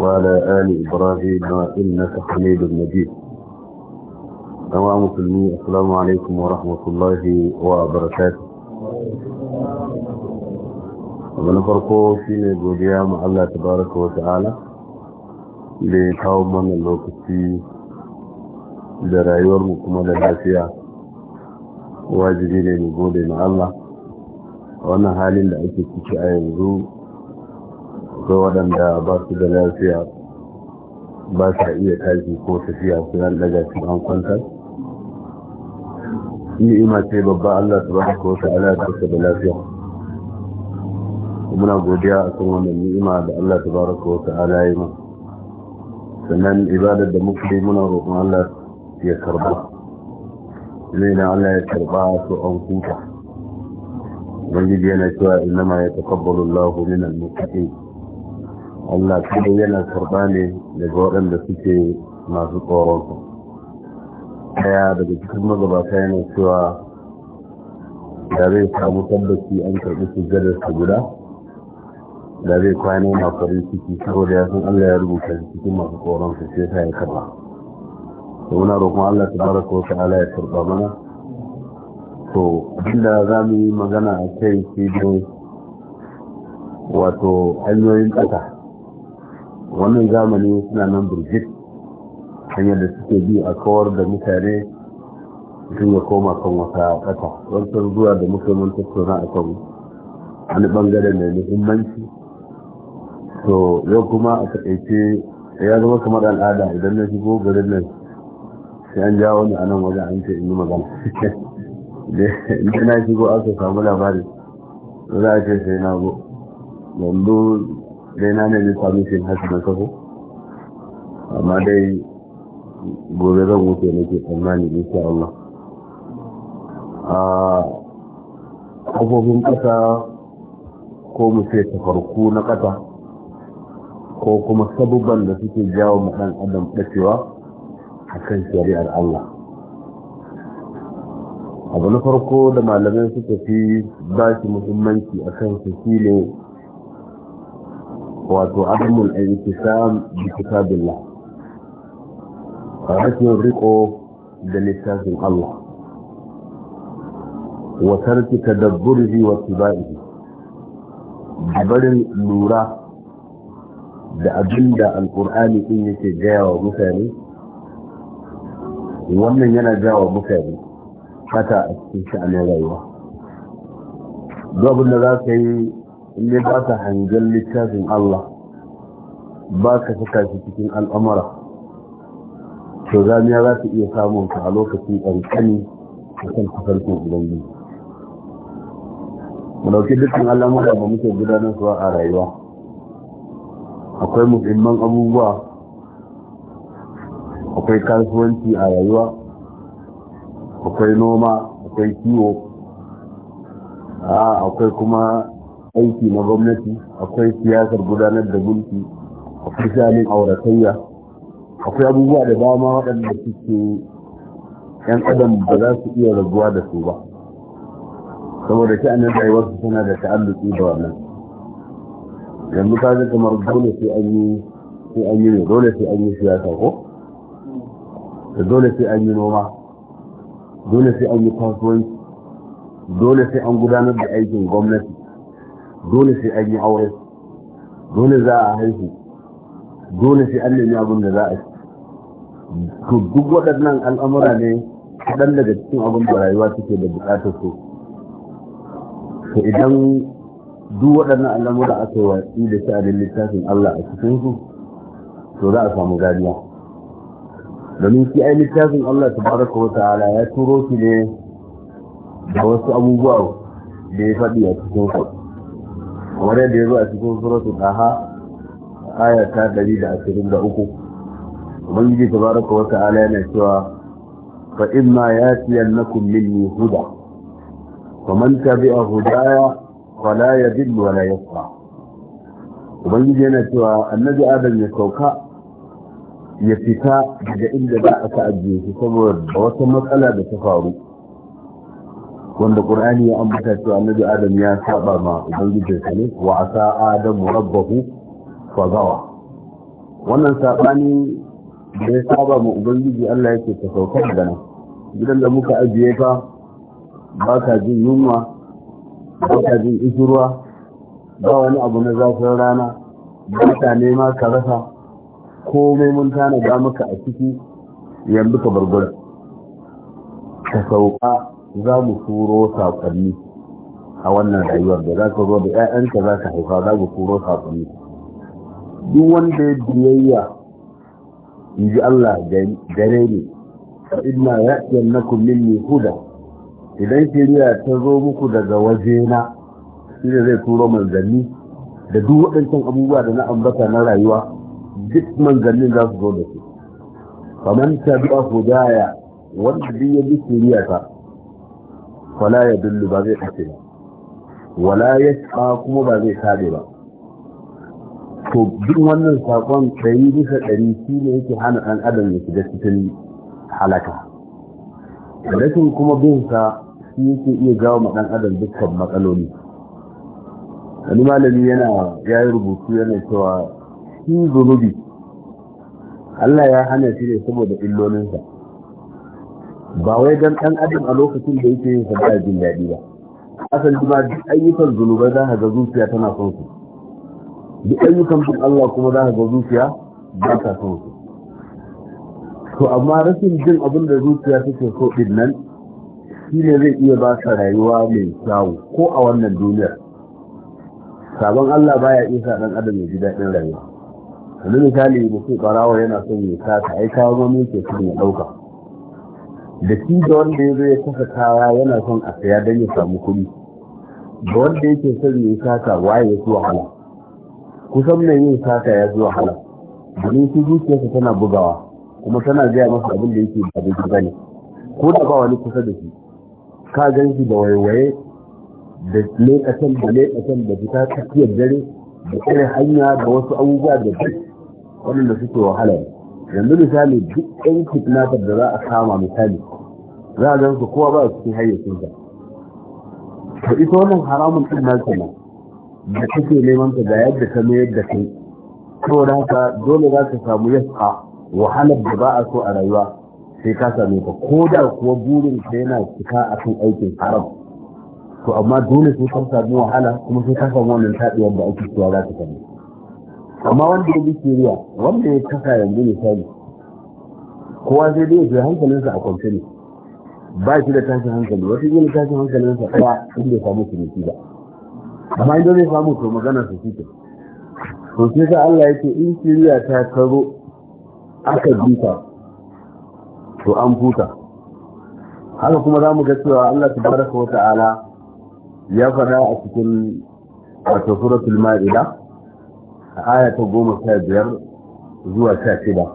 وعلى آل إبراهيم إنك حميد مجيد تمام كلمي السلام عليكم ورحمة الله وبركاته ومن فرقه سينا جوديا مع الله تبارك وتعالى لتاو من الوقتي لرأيور مكمل الحسيا واجدين جودي مع الله وانا حالي لأيكي كي أيضو akwai waɗanda ba su da lafiya ba sa iya tashi ko tafiya su an daga su an kwantar ni'ima ce babba Allah subhanahu wa ta'ala ta da lafiya muna godiya a kan wannan ni'ima da Allah tabaraka wa ta'ala ya yi sannan ibada da muka yi muna roƙon Allah ya karba zai na Allah ya karba su an huta ubangiji yana cewa inna ma ya takabbalu Allahu min al-muttaqin Allah kuma yana karba ne daga waɗanda suke masu tsoronsa ɗaya daga cikin magabata yana cewa da zai samu tabbaci an karɓi su sujjadarsa guda da zai kwana na ciki saboda ya san Allah ya rubuta cikin masu tsoronsa sai ta ya karɓa to muna roƙon Allah ta ko ta ala ya karɓa mana to inda za mu yi magana a kai shi wato hanyoyin ƙasa wannan zamani suna nan burjit hanyar da suke bi a kawar da mutane sun ya koma kan wata kata wancan zuwa da muke mun tattauna a kan wani bangare mai muhimmanci to yau kuma a taƙaice ya zama kamar al'ada idan na shigo garin nan sai an jawo ni a nan wajen an ce in yi magana idan na shigo aka samu labari za a ce sai na zo yanzu dai na nemi permission haka na kago amma dai gobe zan wuce ke tsammani insha Allah a kafofin kasa ko mu ta farko na ƙasa ko kuma sabubban da suke jawo ma adam ɗacewa a kan shari'ar Allah abu na farko da malamai suka fi ba shi muhimmanci a kan su ne wato adamul intisam bi kitabillah rashin riko da littafin Allah wa tarki tadabburihi wa tibaihi barin lura da abinda alqur'ani in yake gaya wa mutane wannan yana gaya wa mutane fata a cikin sha'anin rayuwa duk abin da za ka yi in ba ka hangen littafin Allah ba ka saka shi cikin al'amura to zamiya za ta iya samun ka a lokacin ƙanƙani a kan tafarkin ubangiji mu dauki dukkan al'amura ba muke gudanarwa a rayuwa akwai muhimman abubuwa akwai kasuwanci a rayuwa akwai noma akwai kiwo akwai kuma aiki na gwamnati akwai siyasar gudanar da mulki akwai shanin auratayya akwai abubuwa da dama waɗanda suke yan adam ba za su iya raguwa da su ba saboda shi sha'anin rayuwarsu suna da ta'alluki da wannan yanzu ka ga kamar dole sai an yi sai an yi ne dole sai an yi siyasa ko da dole sai an yi noma dole sai an yi kasuwanci dole sai an gudanar da aikin gwamnati dole sai an yi aure dole za a haihu dole sai an nemi abin da za a to duk waɗannan al'amura ne kaɗan daga cikin abin da rayuwa suke da buƙatar su to idan duk waɗannan al'amura aka watsi da sha'anin littafin Allah a cikin su to za a samu gariya domin shi ai littafin Allah tabaraka wa ta'ala ya turo shi ne da wasu abubuwa da ya faɗi a cikin su kamar yadda ya zo a cikin suratul aha aya ta 123 ubangiji tabaraka wa ta'ala yana cewa fa imma yatiyannakum minni huda faman tabi'a hudaya fala yadillu wala yasqa ubangiji yana cewa annabi adam ya sauka ya fita daga inda za a ka ajiye shi saboda wata matsala da ta faru wanda qur'ani ya ambata cewa annabi adam ya saba ma ubangijinsa ne wa asa adamu rabbahu zawa wannan sabani da ya saba ma ubangiji Allah yake ta saukar da nan gidan da muka ajiye ta ba ka jin yunwa ba ka jin isurwa ba wani abu na zafin rana ba ka nema ka rasa komai mun tana da maka a ciki yanzu ka barbar ka sauka za mu turo saƙonni a wannan rayuwar da za ka zo da 'ya'yanka za ka haifa za mu turo saƙonni duk wanda ya biyayya in ji Allah gare ne inna kullum ne huda idan shari'a ta zo muku daga waje na, shine zai turo manzanni da duk waɗancan abubuwa da na ambata na rayuwa duk manzanni za su zo da su ta biya hudaya wanda duk ya bi ta wala ya dullu ba zai kace ba wala ya kuma ba zai sabe ba to duk wannan sakon ɗari bisa ɗari shi ne yake hana ɗan adam ya shiga cikin halaka rashin kuma bin sa shi yake iya jawo ma ɗan adam dukkan matsaloli wani malami yana ya yi rubutu yana cewa shi zunubi Allah ya hana shi ne saboda illolinsa ba wai dan ɗan adam a lokacin da yake yin sa jin daɗi ba asali ma duk ayyukan zunuba za ka ga zuciya tana son su duk ayyukan bin Allah kuma za ka ga zuciya ba ta son su to amma rashin jin abin da zuciya take so din nan shi ne zai iya ba sa rayuwa mai kyawu ko a wannan duniyar sabon Allah baya iya sa dan adam ya ji daɗin rayuwa wani misali mutum ɓarawa yana son ya sa ai kawo wani ke cikin ya ɗauka da shi da wanda ya zo ya kasa kaya yana son a saya don ya samu kuɗi da wanda yake son ya saka waye ya fi wahala kusan mai yin saka ya fi wahala domin shi zuciyarsa tana bugawa kuma tana gaya masa abin da yake ba da ba ko da ba wani kusa da shi ka gan shi da waiwaye da leƙatan da leƙatan da fita tafiyar dare da irin hanya da wasu abubuwa da su waɗanda suke wahala ne yanzu misali duk ɗan kidnapper da za a kama misali za a gan su kowa ba a cikin hayyacinsa to ita wannan haramun ɗin na kenan da kake neman ta da yadda ka mayar da kai da haka dole za ka samu yasa wahalar da ba a so a rayuwa sai ka same ka ko da kuwa burin ka yana cika a kan aikin haram to amma dole sai ka samu wahala kuma sai ka samu wannan taɗiyar da ake cewa za ka samu amma wanda ya bi kiriya wanda ya kasa yanzu misali kowa sai dai zai hankalinsa a kwamfani, ba shi da tashin hankali wata yin tashin hankalinsa ɗaya inda ya samu ciniki ba amma inda zai samu to magana su shi to sai sa Allah ce in kiriya ta karo aka bita to an huta haka kuma za mu ga cewa Allah tabaraka wa ta'ala ya faɗa a cikin wato suratul ma'ida آية قوم تابير زوى شاكدة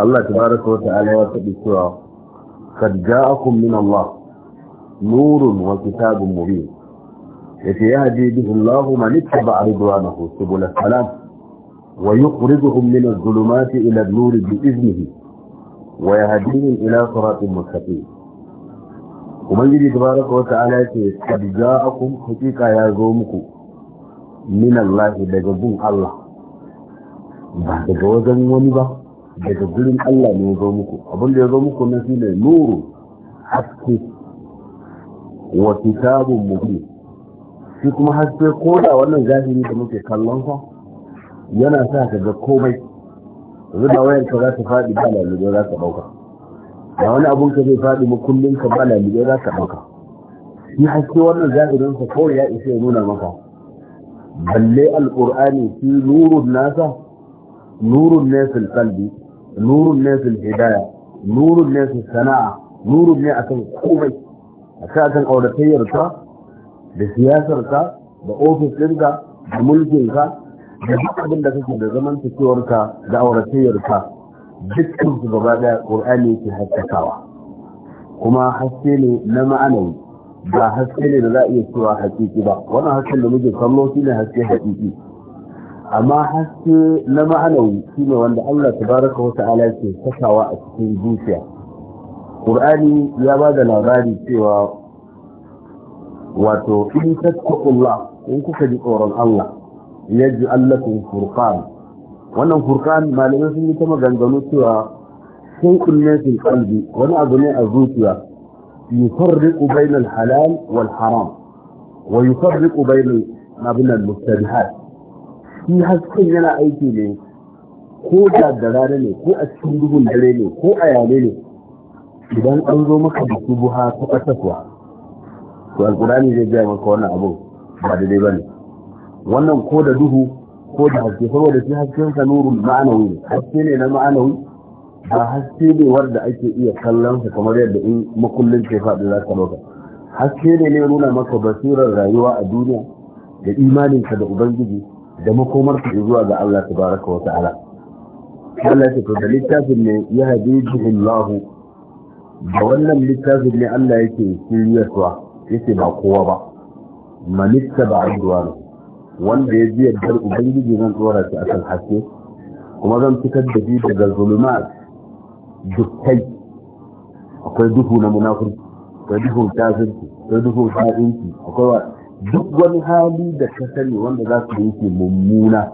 الله تبارك وتعالى وتبسوا قد جاءكم من الله نور وكتاب مبين يتي يهدي به الله من اتبع رضوانه سبل السلام ويقرضهم من الظلمات إلى النور بإذنه ويهديهم إلى صراط مستقيم ومن يجي تبارك وتعالى قد جاءكم حقيقة يا زومكم min Allah daga bin Allah ba daga wajen wani ba daga gurin Allah ne ya zo muku abin da ya zo muku na ne, nuru haske wa kitabun mubin shi kuma haske ko da wannan zahiri da muke kallon sa yana sa ka ga komai yanzu wayar ka za ta faɗi ba lalube za ka ɗauka da wani abun ka zai faɗi ma kullum ka ba lalube za ka ɗauka shi haske wannan zahirin sa kawai ya isa ya nuna maka balle alqur'ani fi nurun nasa nurun ne kalbi, nurun ne hidaya nurun ne sana'a nurun ne akan komai kan auratayyarka da siyasarka da ofis ɗinka da mulkinka da duk abin da kake da zaman cikewarka da auratayyarka dukkan su gaba ɗaya ƙur'ani yake haskakawa kuma haske ne na ma'anayi ba haske ne da za a iya cewa hakiki ba wannan hasken da muke kallo shi ne haske hakiki amma haske na ma'anawi shi ne wanda Allah ta baraka wata alaƙe sakawa a cikin zuciya Qur'ani ya ba da labari cewa wato in tattaqullah in kuka ji tsoron Allah ji lakum furkan wannan furkan malamai sun yi ta maganganu cewa sun kunne sun kalbi wani abu ne a zuciya يفرق بين الحلال والحرام ويفرق بين abin nan mustabihat shi hasken yana aiki ne ko da darare ne ko a cikin duhun dare ne ko a yale ne idan an zo maka da subuha ta kasafwa to alkurani zai gaya maka wannan abu ba daidai bane wannan ko da duhu ko da haske saboda shi hasken sa nurul ma'anawi haske ne na ma'anawi ba haske ne wanda ake iya kallon sa kamar yadda in makullin ke faɗi za ka maka haske ne ne nuna maka basirar rayuwa a duniya da imaninka da ubangiji da makomarka zuwa ga Allah Baraka wa ta'ala Allah ya da littafin ne ya hadijihi Allah da wannan littafin ne Allah yake shiryarwa yake ba kowa ba manitta ba ruwa wanda ya ji yardar ubangiji zan tsora shi kan haske kuma zan fitar da shi daga zulumat dukkai akwai duhu na munafurci akwai duhu kafirci akwai duhu ha'inci akwai wa duk wani hali da ka sani wanda za su yi mummuna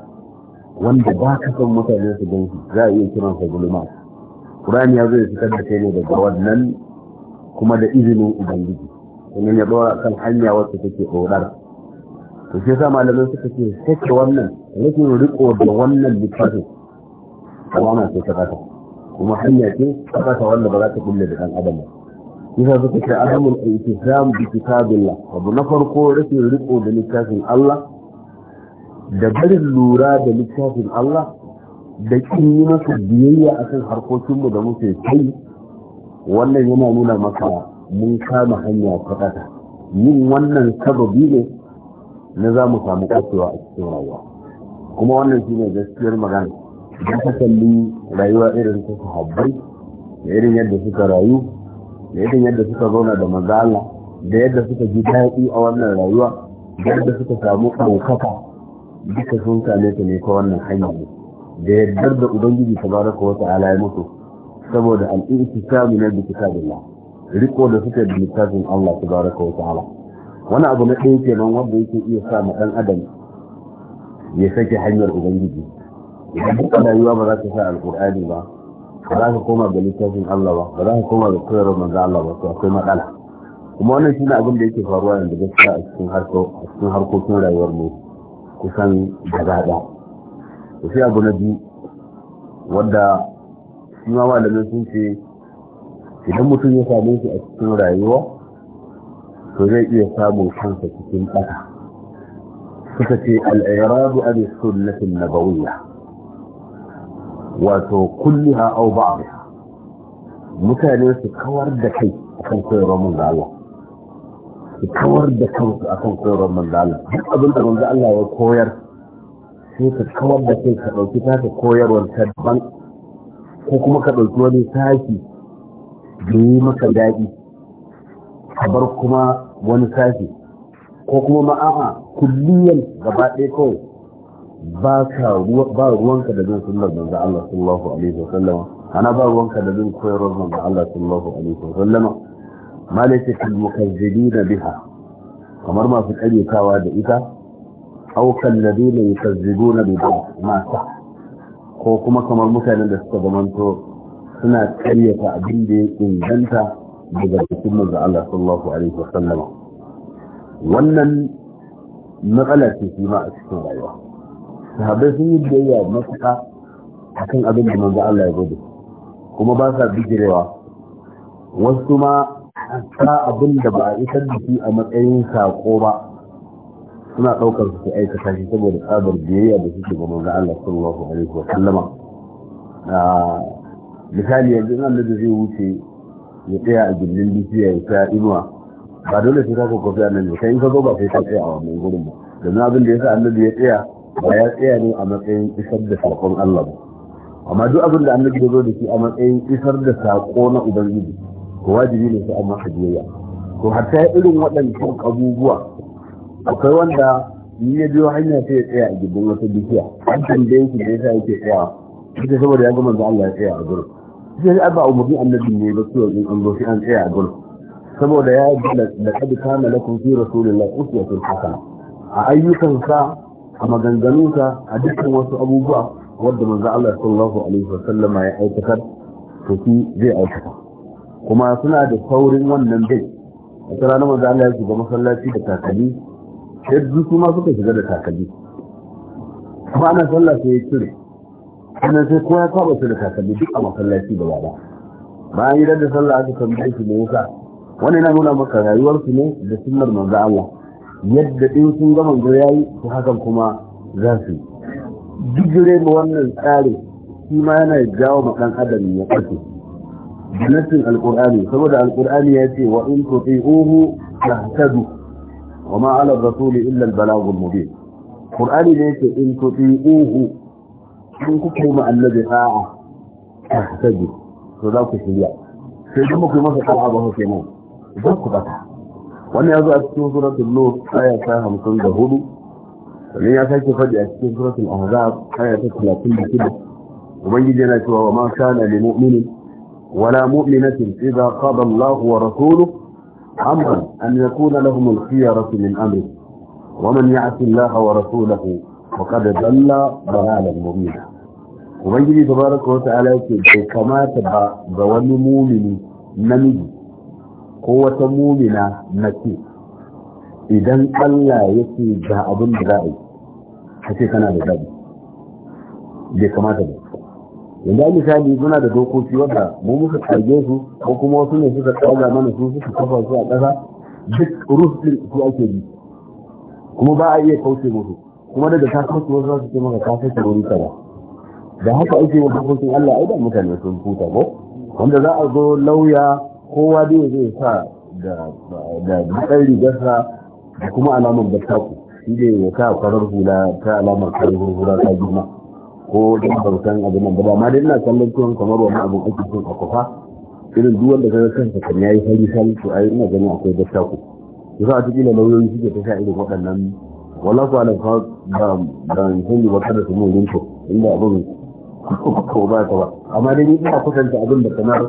wanda ba ka san mutane su gansu, za a iya kiran sa gulma Qur'ani ya zai fitar da kai ne daga wannan kuma da izinin ubangiji sannan ya dora kan hanya wacce take horar to shi yasa malaman suka ce sake wannan rikin riko da wannan littafin alama ce ta kasa kuma hanya ce ta kasa wanda ba za ta kulle da ɗan adam kisa yasa suka ce zamu itisam bi kitabillah abu na farko rashin riko da littafin Allah da barin lura da littafin Allah da kin yi masa biyayya akan harkokin mu da muke kai wannan yana nuna maka mun kama hanya ta kasa yin wannan sababi ne na za mu samu kasuwa a cikin rayuwa kuma wannan shine gaskiyar magana idan ka kalli rayuwa irin ta sahabbai da irin yadda suka rayu da irin yadda suka zauna da mazala da yadda suka ji daɗi a wannan rayuwa da yadda suka samu ɗaukaka duka sun same ta ne ta wannan hanyar da yadda da ubangiji ko wata ala ya mutu saboda al na bi kitabillah riko da suka da littafin Allah tabaraka wa wani abu na ɗaya kenan wanda yake iya sa ma ɗan adam ya sake hanyar ubangiji idan rayuwa ba za ka sa alkur'ani ba ba za ka koma ga littafin Allah ba ba za ka koma ga koyarwar manzo Allah ba to akwai matsala kuma wannan shine abin da yake faruwa yanzu gaskiya a cikin harko a cikin harkokin rayuwar mu kusan gaba da to sai abu na biyu wanda shi ma malamai sun ce idan mutum ya same shi a cikin rayuwa to zai iya samun kansa cikin ƙasa suka ce al'irabu an sunnatin nabawiyya wato kulliha aw ba'dha mutane su kawar da kai akan koyarwar mun manzo Allah su kawar da kansu akan koyarwar mun manzo Allah duk abin da manzo Allah ya koyar sai ka kawar da kai ka dauki ta koyarwar ta daban ko kuma ka dauki wani sashi da yi maka daɗi ka bar kuma wani sashi ko kuma ma'a'a kulliyan gaba ɗaya kawai ba ruwanka da bin sunnar da Allah sallallahu alaihi wa ana ba ruwanka da bin koyarwar da Allah sallallahu alaihi wa sallama malaka kal mukazzibina biha kamar masu karyatawa da ita aw kal ladina yukazzibuna bi ma sa ko kuma kamar mutanen da suka zamanto suna karyata abin da ya inganta daga cikin manzo Allah sallallahu alaihi wa wannan matsala ce shi ma a cikin rayuwa sahabai sun yi biyayya matuƙa kan abin da manzo Allah ya gode kuma ba sa bijirewa wasu ma sa abin da ba a isar da shi a matsayin sako ba suna ɗaukar su su aikata shi saboda tsabar biyayya da suke ga manzo Allah sallallahu alaihi wa sallama misali yanzu nan da zai wuce ya tsaya a gindin bishiya ya tsaya inuwa ba dole sai ka kokofi a nan ne kai in ka zo ba sai ka tsaya a wannan gurin ba domin abin da ya sa annabi ya tsaya ba ya tsaya ne a matsayin isar da saƙon Allah ba amma duk abin da annabi ya zo da shi a matsayin isar da saƙo na ubangiji to wajibi ne su amma hajiyayya to hatta irin waɗancan abubuwa akwai wanda ni ya biyo hanya sai ya tsaya a gidan wata bishiya an tambaye shi da ya yasa yake tsayawa ita saboda ya ga manzo Allah ya tsaya a gurin sai ya ba umarni annabi ne ba cewa in an zo sai an tsaya a gurin saboda ya da kad kana lakum fi rasulillahi sun hasana a ayyukansa. a maganganunsa a dukkan wasu abubuwa wadda manzo Allah sallallahu alaihi wasallam ya aikatar to shi zai aikata kuma suna da saurin wannan bai a tsara na manzo Allah ya shiga masallaci da takalmi sai su ma suka shiga da takalmi kuma ana sallah sai ya cire sannan sai kowa ya saba su da takali duk a masallaci da Ba bayan yi da sallah aka tambaye shi me wuka wani yana nuna maka rayuwarsu ne da sunnar manzo Allah yadda ɗin sun gama ga yayi to hakan kuma za su digire mu wannan tsari shi ma yana jawo ma dan adam ya kace nassin alqur'ani saboda alqur'ani ya ce wa in tuti'uhu tahtadu wa ma 'ala rasuli rasul illa al-balaghul mubin qur'ani ne yake in uhu, in kuka yi ma annabi a'a tahtadu to za ku shirya sai kuma ku masa ta'a ba ku kenan za ku bata wannan yazo a cikin suratul nur aya ta 54 da ya sake faɗi a cikin suratul ahzab aya ta 36 da ubangiji yana cewa wa ma kana lil mu'minin wala mu'minatin idza qada Allahu wa rasuluhu amran an yakuna lahum al-khiyaratu min amri wa man ya'ti Allah wa rasulahu faqad dalla dalalan mubina ubangiji tabaraka wa ta'ala yake kamata ba ga wani mu'mini namiji ko wata mumina na ce idan Allah ya ce ga abin da za a yi a ce kana da zaɓi bai kamata ba yanzu an misali suna da dokoki wadda mu muka tsage su ko kuma wasu ne suka tsaga mana su suka kafa su a ƙasa duk rufin su ake bi kuma ba a iya kauce musu kuma daga ta kauce wasu za su ce maka ka sai ta wuri ba da haka ake wa dokokin Allah ai da mutane sun huta ko wanda za a zo lauya kowa dai zai sa da da bukan rigarsa da kuma alamar battaku shi ne ya sa farar hula ta alamar farar hula ta juna ko da bautan abu nan ba ma dai ina kallon tuwon kamar wani abin ake cin a kufa irin duk wanda kaga kansa kan yayi hari sal to ai ina ganin akwai battaku sa a cikin lauyoyi suke ta sa irin waɗannan wallahi ana ka da da hindi ba kada su mun rinko inda abin ko ba ta ba amma dai ina kusanta abin da kamar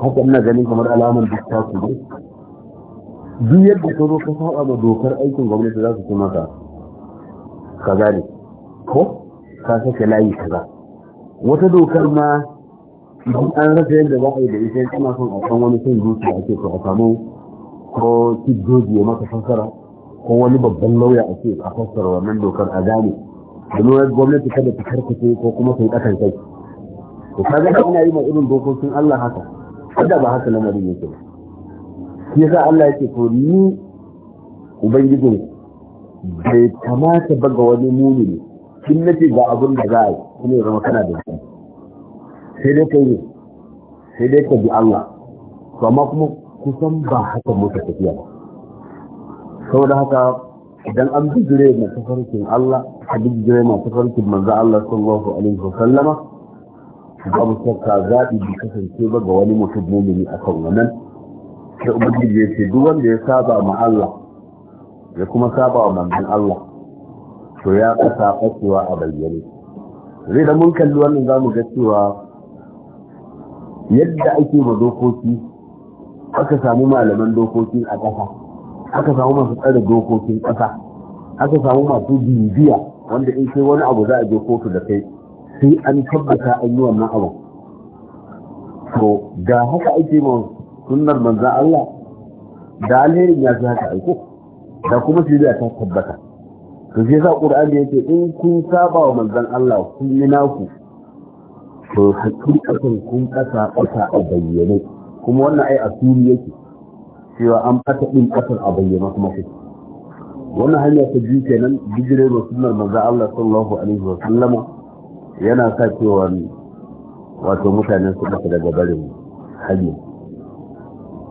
haka ina ganin kamar alamar dukka su ne duk yadda ka zo ka saba ma dokar aikin gwamnati za su ce maka kaza ne ko ka sake layi kaza wata dokar ma idan an rasa yadda za a yi da ita yin ana son a san wani son a ake so a samu ko kiddoji ya maka fassara ko wani babban lauya a ce a fassara wannan dokar a gane domin gwamnati kada ta karkace ko kuma sai kasance ɗakan to kaga ina yi ma irin dokokin Allah haka da ba haka lamarin yake ba shi yasa Allah yake ko ni ubangijin bai kamata ba ga wani ne kin nace ga abin da za a yi kuma zama kana da shi sai dai ka yi sai dai ka bi Allah to amma kuma kusan ba haka muka tafiya ba saboda haka idan an jire masu tafarkin Allah a jire masu tafarkin manzo Allah sallallahu alaihi sallama babu shakka zaɓi bi kasance ba ga wani mutum mumini a kan wannan sai ubangiji ya ce duk wanda ya saba ma Allah ya kuma saba wa manzon Allah to ya kasa ɓacewa a bayyane zai da mun kalli wannan za mu ga cewa yadda ake ma dokoki aka samu malaman dokokin a ƙasa aka samu masu tsare dokokin ƙasa aka samu masu bibiya wanda in sai wani abu za a je kotu da kai sai an tabbata an yi wannan abu to ga haka ake ma sunnar manzan Allah da alherin ya fi haka aiko da kuma shi da ta tabbata to shi yasa qur'ani yake in kun saba wa manzan Allah kun yi naku to hakikatan kun ƙasa kasa a bayyane kuma wannan ai asiri yake cewa an ɓata ɗin kasar a bayyana kuma shi wannan hanya ta biyu kenan bijirewa sunnar manzan Allah sallallahu alaihi wa sallama yana sa cewa wato mutane su ɓata daga barin hanyu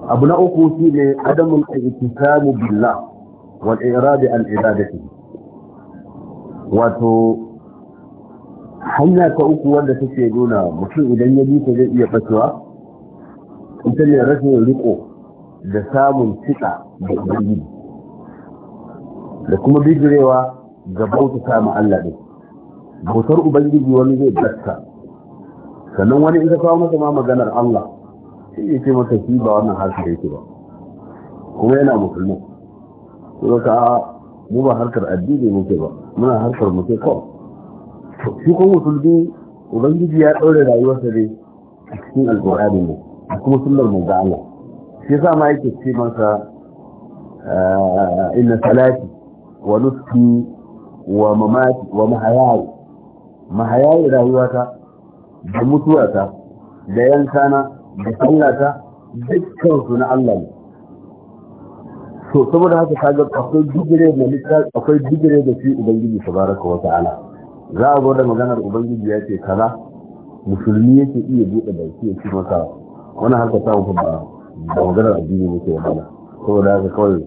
abu na uku shi ne adamun iktisamu billah wal iradi an iradati wato hanya ta uku wanda take nuna mutum idan ya bi ta zai iya fasuwa ita ne rashin riko da samun cika da ubangiji da kuma bijirewa ga bauta samun Allah ɗin bautar ubangiji wani zai datta sannan wani in ka kawo masa ma maganar Allah sai ya ce masa shi ba wannan harshe yake ba kuma yana musulmi to ka mu ba harkar addini muke ba muna harkar muke kawai shi kuma musulmi ubangiji ya ɗaure rayuwarsa ne a cikin alƙur'ani ne a kuma sunnar mai da Allah shi yasa ma yake ce masa inna salati wa nuski wa mamati wa mahayai mahayayi rayuwata da mutuwata da yankana da sallata dukkan su na Allah ne to saboda haka kagar akwai digire da littafi akwai digire da shi ubangiji bara kowa ta'ala za a gwada maganar ubangiji ya ce kaza musulmi yake iya buɗe shi ya ci masa wani harka ta mutum ba da maganar addini muke magana saboda haka kawai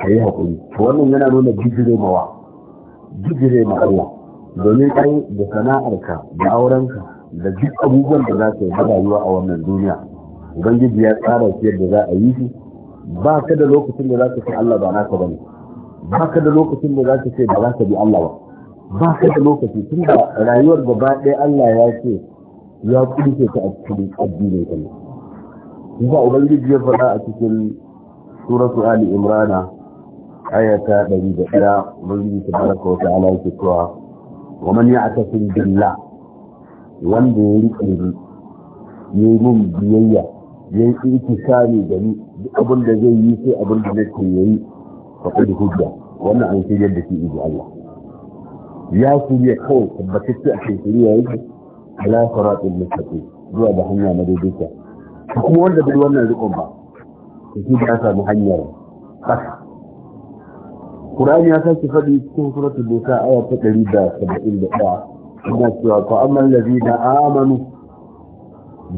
ka yi haƙuri wannan yana nuna digire mawa digire ma Allah domin kai da sana'arka da aurenka da duk abubuwan da za ka yi na rayuwa a wannan duniya ubangiji ya tsara shi yadda za a yi shi ba ka da lokacin da za ka ce Allah ba ka bane ba ka da lokacin da za ka ce ba za ka bi Allah ba ba ka da lokaci tun da rayuwar gaba ɗaya Allah ya ce ya kunce ta a cikin addini ka ne kuma ubangiji ya faɗa a cikin suratu ali imrana aya ta 101 ubangiji ta baraka wa ta'ala yake cewa wa man ya'tasim billah wanda ya rike ni yayi mun biyayya yayi intisari da ni duk abin da zai yi sai abin da nake yayi fa qad hujja wannan an ce yadda shi inji Allah ya kuriya kawai tabbatacce a cikin kuriya yake ala siratul mustaqim zuwa da hanya na daidaita kuma wanda bai wannan rikon ba shi da ya samu hanyar kasa Qur'ani ya sake faɗi cikin suratul Nisa aya ta 171 ina cewa fa amman ladina amanu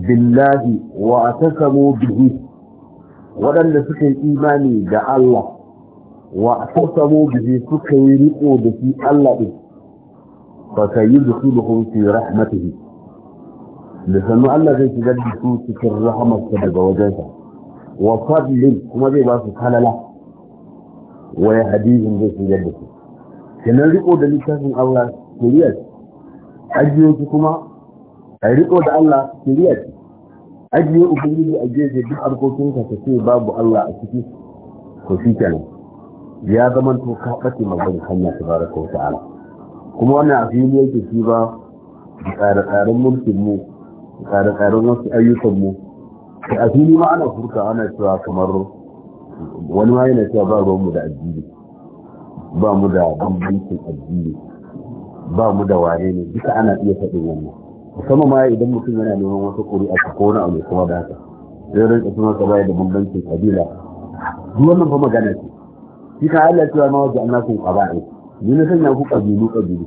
billahi wa atasamu waɗanda suka yi imani da Allah wa atasamu bihi suka yi riko da shi Allah din fa sayyiduhum fi rahmatihi da sannu Allah zai shigar da cikin rahmarsa daga wajensa wa kuma zai ba su kalala wai hadisin zai shigar da su kenan riko da littafin Allah shari'a ce ajiyo ki kuma a riko da Allah shari'a ce ajiye ubangiji a gefe duk harkokinka ka ce babu Allah a ciki ko shi kenan ya zama to ka ɓace maganin hanya ta bara ko ta'ala kuma wannan a fili yake shi ba tsare-tsaren mulkin mu tsare-tsaren wasu ayyukan mu a fili ma ana furta ana cewa kamar wani ma yana cewa ba ruwanmu da addini ba mu da bambancin addini ba mu da ware ne duka ana iya faɗin wannan musamman ma idan mutum yana neman wasu ƙuri'a a ko wani abu kuma da haka zai rinka suna ka bayar da bambancin kabila duk wannan fa magana ce shi ka Allah cewa ma wajen annakum qaba'i ni na sanya ku kabilu kabilu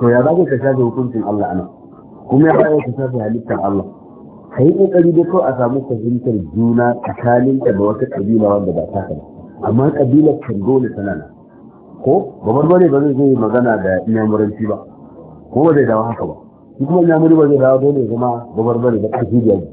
to ya za ka shafe hukuncin Allah ana kuma ya ba ka shafe halittar Allah ka yi ƙoƙari da kawai a samu fahimtar juna tsakaninka da wata ƙabila wanda ba ta kana amma ƙabilar kan dole tana nan ko babar bane ba zai zai magana da inyamuranci ba ko ba zai dawo haka ba shi kuma inyamuri ba zai dawo dole ya zama babar ba da ƙarfi da yanzu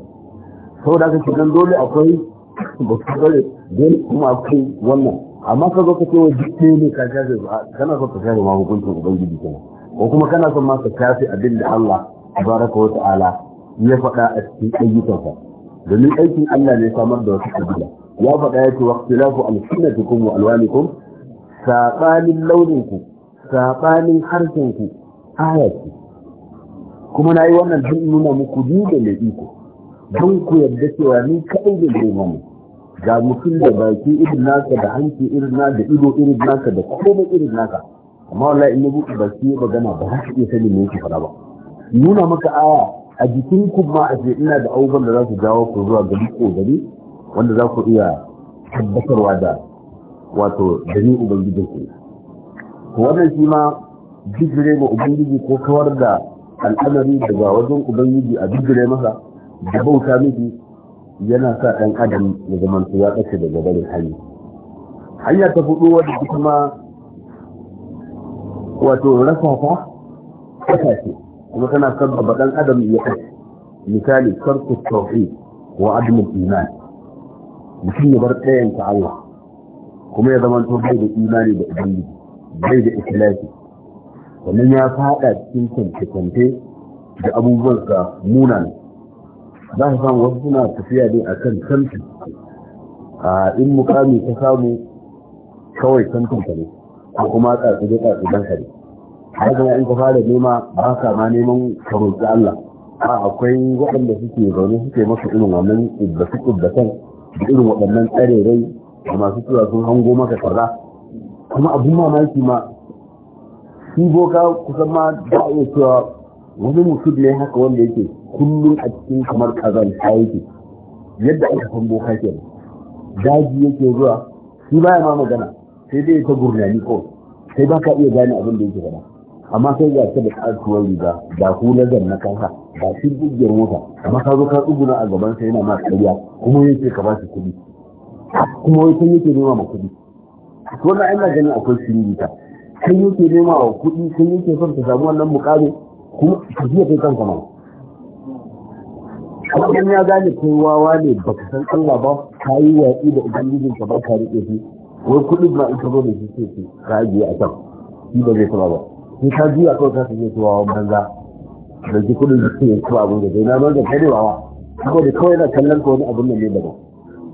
saboda haka don dole akwai ba bane dole kuma akwai wannan amma ka zo ka ce wai duk ne ka shafe ba kana so ka shafe ma hukuncin ubangiji kenan ko kuma kana son ma ka shafe abin da Allah tabaraka wa ta'ala ya faɗa a cikin ayyukansa domin aikin Allah ne samar da wasu kabila ya faɗa ya ce waqtilafu alsinatikum wa alwanikum saɓanin launinku saɓanin harkinku ayati kuma na yi wannan don nuna muku ni da mai iko don ku yarda cewa ni kaɗai da zai mani ga mutum da baki irin naka da hanci irin naka da ido irin naka da komai irin naka amma wallahi in na buɗe baki ya magana ba za ka iya sani mai yake faɗa ba nuna maka aya a jikin ku a ce ina da abubuwan da za su jawo ku zuwa gari ko gari wanda za ku iya tabbatarwa da wato da ni ubangijin ku wannan shi ma bijire ma ubangiji ko kawar da al'amari daga wajen ubangiji a bijire masa da bauta miki yana sa ɗan adam ya zama ya ɗace daga barin hali. hanya ta fudu wadda kuma wato rasa ta ƙasashe kuma tana sabbaba dan adam ya kai misali sarku tauhid wa adam iman mutum ya bar tsayin ta Allah kuma ya zama to bai da imani da ubangiji bai da ikhlasi wannan ya fada cikin kante da abubuwan sa munana za ka samu wasu suna tafiya ne a kan kanti a in mukami ta samu kawai kantin ka ne ko kuma tsatsi tsatsi don ka ne haka in ka fara nema ba ka ma neman ka Allah a akwai waɗanda suke zaune suke masu irin wannan ibbasu ibbatan da irin waɗannan tsarerai da masu cewa sun hango maka kaza kuma abin mamaki ma shi boka kusan ma da iya cewa wani mutum ne haka wanda yake kullum a cikin kamar kazanta yake yadda aka san boka ke daji yake zuwa shi baya ma magana sai dai ta gurnani ko sai ba ka iya gane abin da yake gana amma sai ga ta da kasuwar riga da hular zan na kanka ga shi dukkan mota amma ka zo ka tsuguna a gaban sa yana ma kariya kuma yake ka ba shi kuɗi kuma wai yake nema ma kuɗi wannan ina ganin akwai ta, kai yake nema wa kuɗi kai yake son ta samu wannan mukamin kuma ka ji kai kanka ma amma ya gane kai wawa ne baka san Allah ba ka yi yaƙi da ubangijin ka ba ka riƙe shi wai kuɗin ma in ka zo da shi sai ka ajiye a can shi ba zai kuma ba sai ka juya kawai ka sanya su wawan banza da ji kudin da suke su abin da zai na banza kai wawa saboda kawai na kallon ka wani abin da ne daban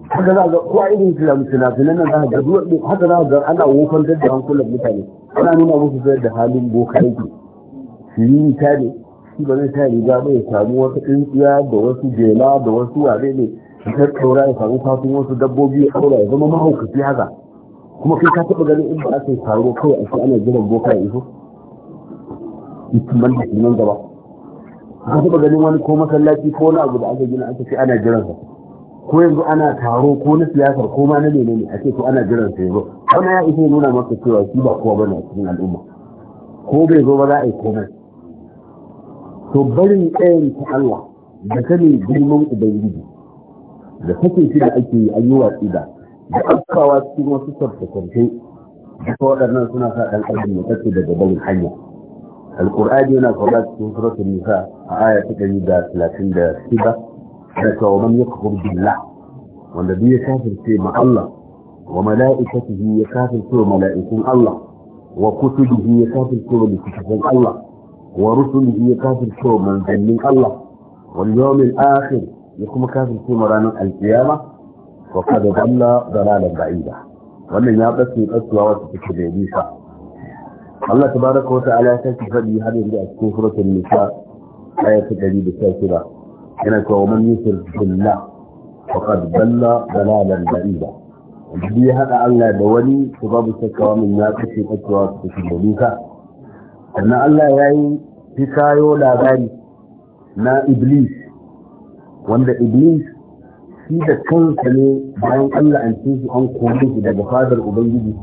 haka za ga ko a irin filamu filafinan nan za ga duk haka za ga ana wofantar da hankulan mutane ana nuna musu sayar da halin boka yake su yi ta ne shi ba zai sa riga ba ya samu wasu tsintsiya da wasu jela da wasu ware ne ta tsaura ya samu fatun wasu dabbobi ya aura ya zama mahaukaci haka kuma kai ka taɓa ganin in ba aka yi taro kawai a ana jiran boka ya iso musulman da musulman gaba an taɓa ganin wani ko masallaci ko wani abu da aka gina aka ce ana jiran sa ko yanzu ana taro ko na siyasar ko ma na menene a ake to ana jiran sa yanzu wannan ya isa nuna maka cewa shi ba kowa bane a cikin al'umma ko bai zo ba za a yi komai to barin tsayin ta Allah da sanin girman ubangiji da kake shi da ake yi an yi watsi da da afkawa cikin wasu tsarkakantai duka waɗannan suna sa ɗan ƙarfin da kake daga barin hanya alqur'ani yana faɗa cikin suratul nisa a aya ta 136 da cewa man yakfur billah wanda bi ya kafirce ma Allah wa mala'ikatihi ya kafirce wa mala'ikun Allah wa kutubihi ya kafirce wa littattafan Allah wa rusulihi ya kafirce wa manzannin Allah wal yawmil akhir ya kuma kafirce ma ranar alkiyama wa qad dalla wannan ya bace tsatsuwa take da nisa Allah ta wa ta'ala ta ki faɗi har yanzu a cikin suratul nisa aya ta 116 yana cewa man yusir billah faqad dalla dalalan ba'ida duk ya haɗa Allah da wani to babu wa min ya kace kacewa su cikin duka sannan Allah ya yi fitayo labari na Iblis wanda Iblis shi da kansa ne bayan Allah an ce shi an kore shi daga fadar Ubangiji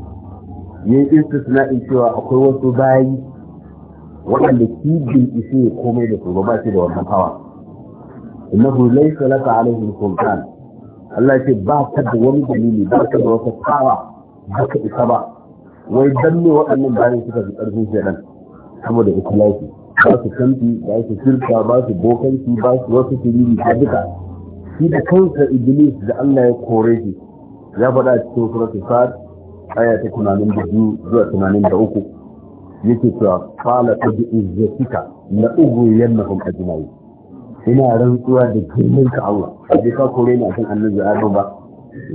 ya suna istisna'in cewa akwai wasu bayi waɗanda kibin isa ya komai da su ba ba shi da wannan hawa innahu laysa laka alaihim sultan Allah ce ba ka da wani dalili ba ka da wata tsawa ba ka isa ba wai dan ne waɗannan bayan suka fi ƙarfin shaidan saboda ikhlasi ba su kanti ba su shirka ba su bokanci ba su wasu siriri ta duka shi da kansa iblis da Allah ya kore shi ya faɗa cikin suratul fat aya ta 82 zuwa da 83 yake cewa qala tabi'izzatika la ughyannahum ajma'in ina rantsuwa da girman ka Allah sai ka kore ni akan annabi Adam ba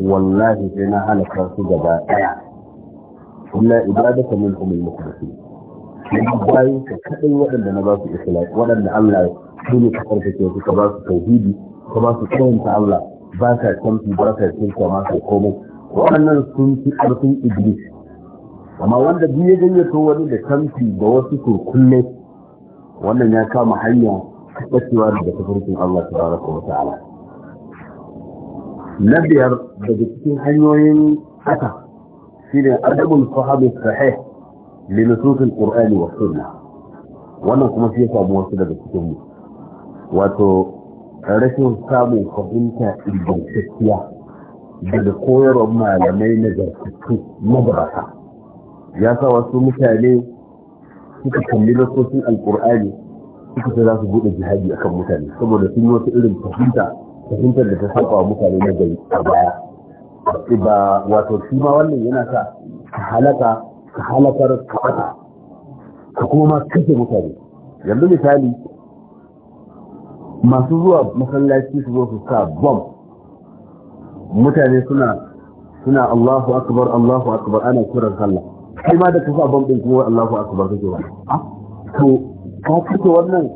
wallahi sai na halaka su gaba daya illa ibadaka minhum al-mukhlasin bayan ka kadai waɗanda na ba su ikhlas waɗanda Allah su ne ka karfafe su ka ba su tauhidi ka ba su ta Allah ba ka canfi ba ka cinta ma ka komai waɗannan sun fi ƙarfin iblis amma wanda duk ya gayyato wani da tamfi da wasu kurkulle wannan ya kama hanya ɓacewa daga tafarkin Allah ta wa ta'ala na biyar daga cikin hanyoyin haka shine adabul sahabi sahih li nususil qur'ani wa sunna wannan kuma shi ya samu wasu daga cikin mu wato rashin samun fahimta ingantacciya daga koyarwar malamai na garkutu mabaraka ya sa wasu mutane suka kalli nasosin alkur'ani suka ta za su buɗe jihadi akan mutane saboda sun yi wasu irin fahimta fahimtar da ta saba wa mutane na gari a baya ba wato shi ma wannan yana sa ka halaka ka halakar ka ɓata ka kuma ma kashe mutane yanzu misali masu zuwa masallaci su zo su sa bomb mutane suna suna Allahu akbar Allahu akbar ana kiran sallah kai ma da kafa ban din kuma Allahu akbar kake wa ah, to ka kike wannan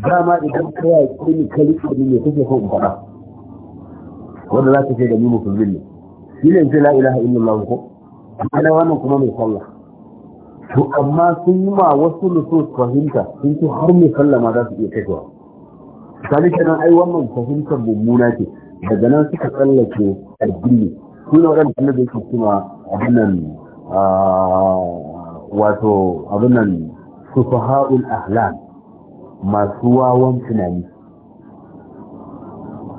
dama idan kai kini kalifi ne kake so in faɗa wanda za ka ce da ni kullum ne shi ne la ilaha illallah ko ana wannan kuma mai sallah to amma sun yi ma wasu nusus fahimta sun ce har mai sallah ma za su iya kashewa misali kenan ai wannan fahimtar mummuna ce daga nan suka tsallake addini suna ne waɗanda annabi yake cewa abin nan wato abin nan sufaha'ul ahlam masu wawan tunani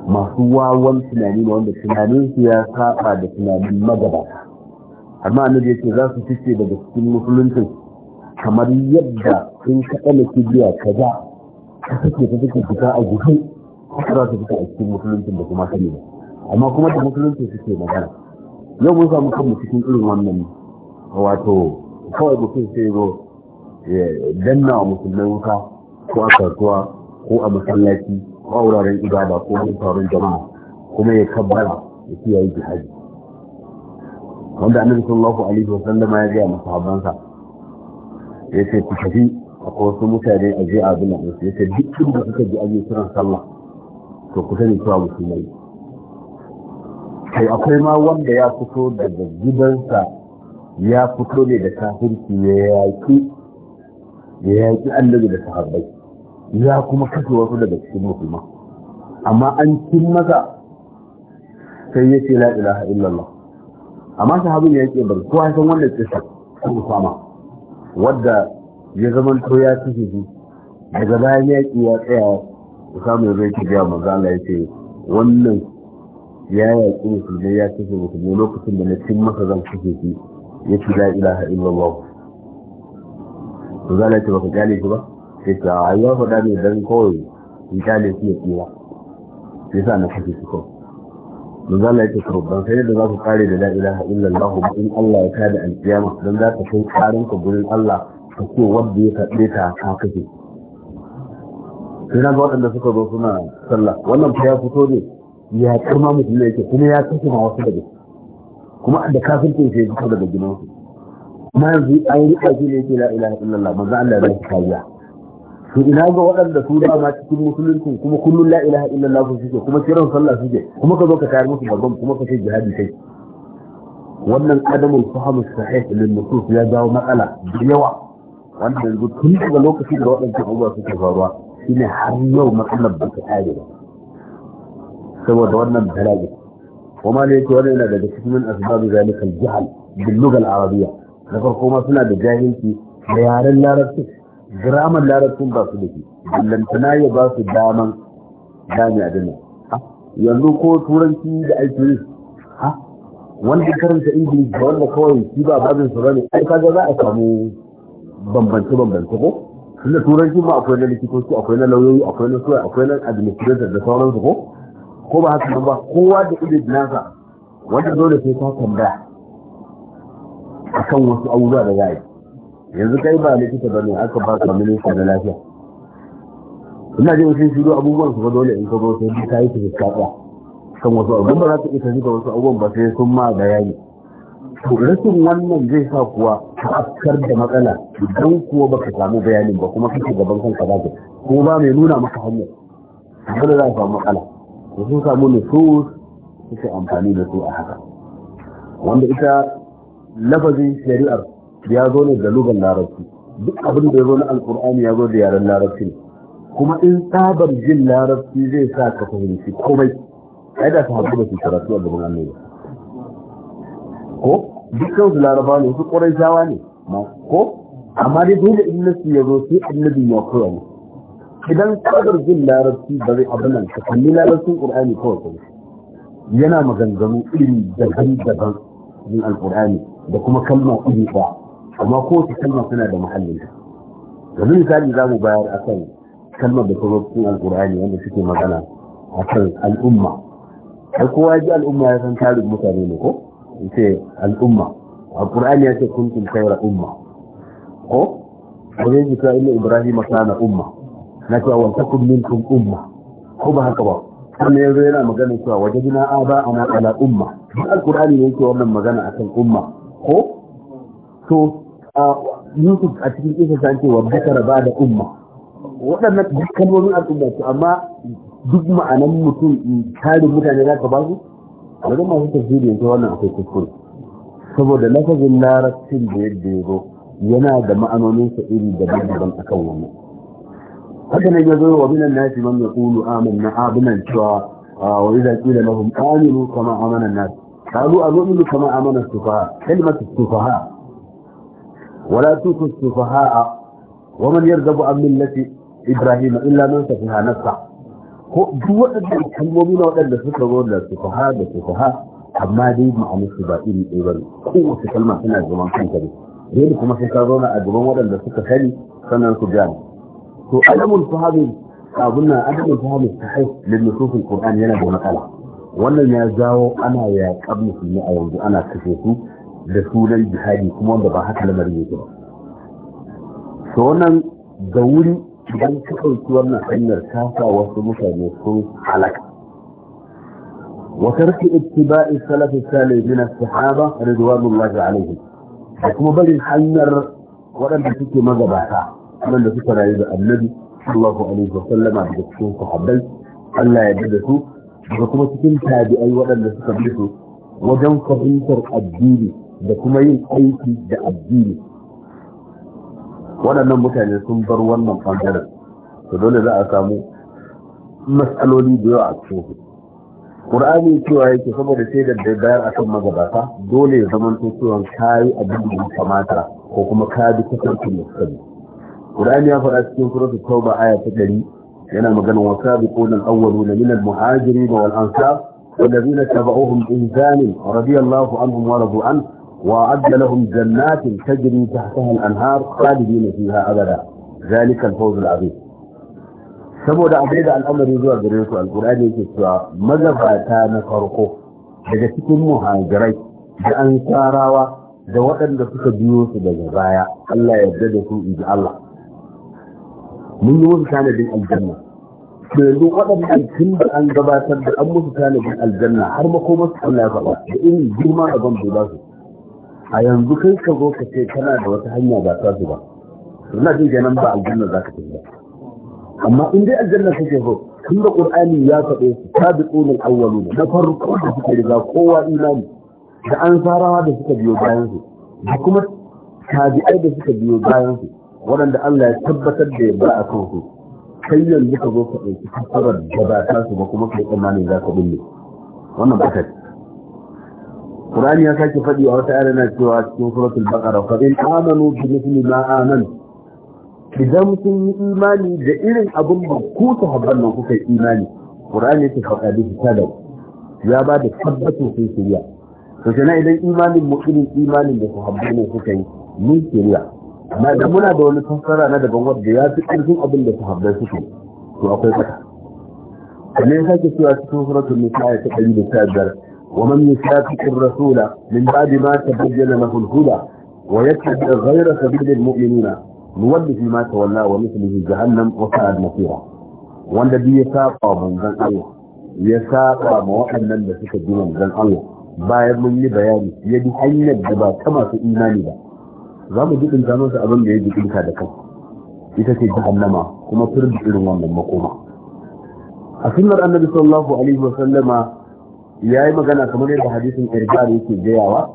masu wawan tunani ne wanda tunanin su ya saba da tunanin magabata amma annabi yake za su fice daga cikin musulunci kamar yadda sun kaɗa na kibiya kaza ta suke ta suke fita a gudu za su fita a cikin musuluncin da kuma sani ba amma kuma da musulunci suke magana yau mun samu kanmu cikin irin wannan wato kawai mutum sai zo danna wa musulmai wuka ko a kasuwa ko a masallaci ko a wuraren ibada ko a taron jama'a kuma ya kabbara ya kiyaye jihadi wanda annabi sallallahu alaihi wa sallam ya ga masahabansa ya ce ku tafi akwai wasu mutane a je a bin nan ya ce duk inda suka ji an yi kiran sallah to ku sani cewa musulmai kai akwai ma wanda ya fito daga gidansa ya fito ne da kafirci ya yaƙi ya yaƙi annabi da sahabbai ya kuma kashe wasu daga cikin musulman amma an cin masa sai ya ce la ilaha illallah amma sahabin ya ce bar ko san wannan kisa ko fama? wadda ya zamanto ya kashe shi daga bayan ƙi ya tsaya Usama zai ki ga manzo ya ce wannan ya yaƙi musulmai ya kashe musulmai lokacin da na cin masa zan kashe shi ya ce la ilaha illallah manzo Allah ya ce baka gane shi ba sai ta ai ya faɗa ne dan kawai in gane shi ya tsira sai sa na kashe shi kawai manzo Allah ya ce ban sai da za ku kare da la ilaha illallah ba in Allah ya kada alkiyama dan za ka kai karin ka gurin Allah ka ce wanda ya kaɗe ta ka kashe sai na ga waɗanda suka zo suna sallah wannan fa ya fito ne ya karma mutum yake kuma ya kashe ma wasu daga kuma da kafircin sai fito daga gidansu kuma yanzu an yi ƙarfi ne yake la ilaha illallah manzo Allah ya shi kariya to ina ga waɗanda su da ma cikin musulunci kuma kullun la ilaha illallah suke kuma kiran sallah suke kuma ka zo ka tayar musu babban kuma ka ce jihadi kai wannan adamul fahmu sahih lil nusus ya jawo matsala da yawa wanda yanzu tun daga lokacin da waɗannan abubuwa suke faruwa shine har yau matsalar da ta kare saboda wannan bala'i kuma ne yake wannan yana daga cikin min asbabu zalikal jahal bil lugha al arabiyya farko ma suna da jahilci da yaren larabci Giraman larabcin ba su da shi lantana ya ba su daman dami a dinnan yanzu ko turanci da aiki ha wanda karanta ingilishi da wanda kawai shi ba babin su ne. ai kaga za a samu bambance bambance ko tunda turanci ma akwai na likitoci akwai na lauyoyi akwai na suwa akwai na administrator da sauransu ko ko ba haka ba kowa da ido nasa wanda dole sai ka tambaya akan wasu abubuwa da za yanzu kai ba likita bane aka ba ka minista na lafiya ina jin sun shiru abubuwan su ba dole in ka zo sai ka yi su kan wasu abubuwa ba za ka iya tafi da wasu abubuwan ba sai sun ma yayi rashin wannan zai sa kuwa ka da matsala don kuwa baka samu bayanin ba kuma kake gaban kanka ba ka ko ba mai nuna maka hanya ba da za ka samu matsala ko sun samu nusus suke amfani da su a haka wanda ita lafazin shari'ar ya zo ne da lugan larabci duk abin da ya zo na alkur'ani ya zo da yaren larabci kuma in tsabar jin larabci zai sa ka fahimci komai ai da ta haɗu da su karatu a gaban annabi ko dukkan su laraba ne su ƙwarai shawa ne ko amma dai dole in nasu ya zo sai annabi ya koya mu idan kadar jin larabci ba zai abin nan ka kalli larabcin qur'ani kawai kuma yana maganganu iri daban-daban jin alqur'ani da kuma kalma iri ba amma kowace kalma suna da muhallin yanzu misali za mu bayar akan kalmar da kuma cikin alqur'ani wanda suke magana akan al'umma ai kowa ji al'umma ya san tarin mutane ne ko ce al'umma alqur'ani yace kuntum kaira umma ko wajen jika illa ibrahim kana umma na cewa wa takum minkum umma ko ba haka ba kuma yanzu yana magana cewa a ba ana matsala umma ya yake wannan magana a kan umma ko to yusuf a cikin isa san ce wa bakara ba da umma waɗannan kalmomin al'umma su amma duk ma'anan mutum tarin mutane za ka ba su bari masu tafsiri yanzu wannan akwai kuskure saboda lafazin larabcin da ya zo yana da ma'anonin sa iri da daban a kan wannan haka ne ya zo wa minan nasi man yaqulu amanna abunan cewa ah, wa idza qila lahum aminu kama amana an-nas qalu anu'minu kama amana as-sufaha kalimatu as-sufaha ولا تؤتوا السفهاء ومن يرغب عن ملة إبراهيم إلا من سفها نفسه ko duk waɗannan kalmomi na waɗanda suka zo da su faha da su faha amma dai ma'anarsu ba iri ɗaya ba ne kowace kalma tana zaman kanta ne dole kuma sai ka zauna a gaban waɗanda suka sani sannan su gane to adamun sahabi abun nan adamun sahabi sahih lil nususul qur'an yana da matsala wannan ya jawo ana ya kabni ne a yanzu ana kashe su da sunan jihadi kuma wanda ba haka lamarin yake ba to wannan ga wuri idan ka ɗauki wannan hanyar sa wasu mutane sun halaka وترك اتباع السلف الصالح من الصحابة رضوان الله عليهم وكما بل حنر ولم ماذا مغبطا من ذكر عيد النبي صلى الله عليه وسلم عبد الكون صحابي الله يجدسوا وكما تكن تابعي ولم تكن بسوا وجن فهمتر الدين وكما يلقيت بأبدينه waɗannan mutane sun bar wannan ɓangaren to dole za a samu matsaloli da yawa a cikin ƙur'ani cewa yake saboda sai da bayar kan magabata dole ya zama to cewa kai abin da ya kamata ko kuma ka bi tafarkin musulmi Qur'ani ya faɗa cikin suratul Tauba aya ta ni, yana magana wa sabiqunal awwaluna minal muhajirin wal ansar والذين تبعوهم بإنسان رضي الله عنهم ورضوا عنه وأعد لهم جنات تجري تحتها الأنهار خالدين فيها أبدا ذلك الفوز العظيم سمود عبيد الأمر يزوى قريبه القرآن يتسوى مذفى كان فرقه بجسك المهاجري بأنسارا ودوأت لفك بيوس بجرايا الله يبدده إن الله من يوم كان بين الجنة لو قدم الجنة أن قباسا بأمه كان بين الجنة حرمكم الله فقط بإن جرما أظن بلاسه a yanzu kai ka zo ka ce kana da wata hanya ba ta su ba ina jin kenan ba aljanna za ka tafi ba amma in dai aljanna kake zo tun da qur'ani ya faɗe su bi al-awwalun na farko da suka riga kowa imani da ansarawa da suka biyo bayan su da kuma tabi'ai da suka biyo bayan su waɗanda Allah ya tabbatar da ba a kan su kai yanzu ka zo ka ɗauki da ba ta su ba kuma kai tsammanin za ka binne wannan ba ta Qur'ani ya sake faɗi a wata ayar na cewa cikin suratul baqara fa in amanu bi mithli ma amanu idan sun yi imani da irin abin da ku sahabban nan kuka yi imani Qur'ani ya ce faɗa bi sadaq ya ba da tabbacin sun shirya to kana idan imanin mu irin imanin da sahabban nan kuka yi mun shirya amma da muna da wani fassara na daban wanda ya fi ƙarfin abin da sahabbai suke to akwai kasa kamar yasa ke cewa cikin suratul nisa ta ɗari da sha biyar ومن يشاكك الرسول من بعد ما تبين له الهدى ويتبع غير سبيل المؤمنين نوله ما تولى ومثله جهنم وساءت مصيرا wanda duk ya saba manzon Allah ya saba ma waɗannan da suka bi manzon Allah bayan mun yi bayani ya bi hanyar da ba ta masu imani ba za mu ji dinka masa abin da ya ji dinka da kai. ita ce jahannama kuma furdi irin a sunnar annabi sallallahu ya yi magana kamar yadda hadisin irgar yake gayawa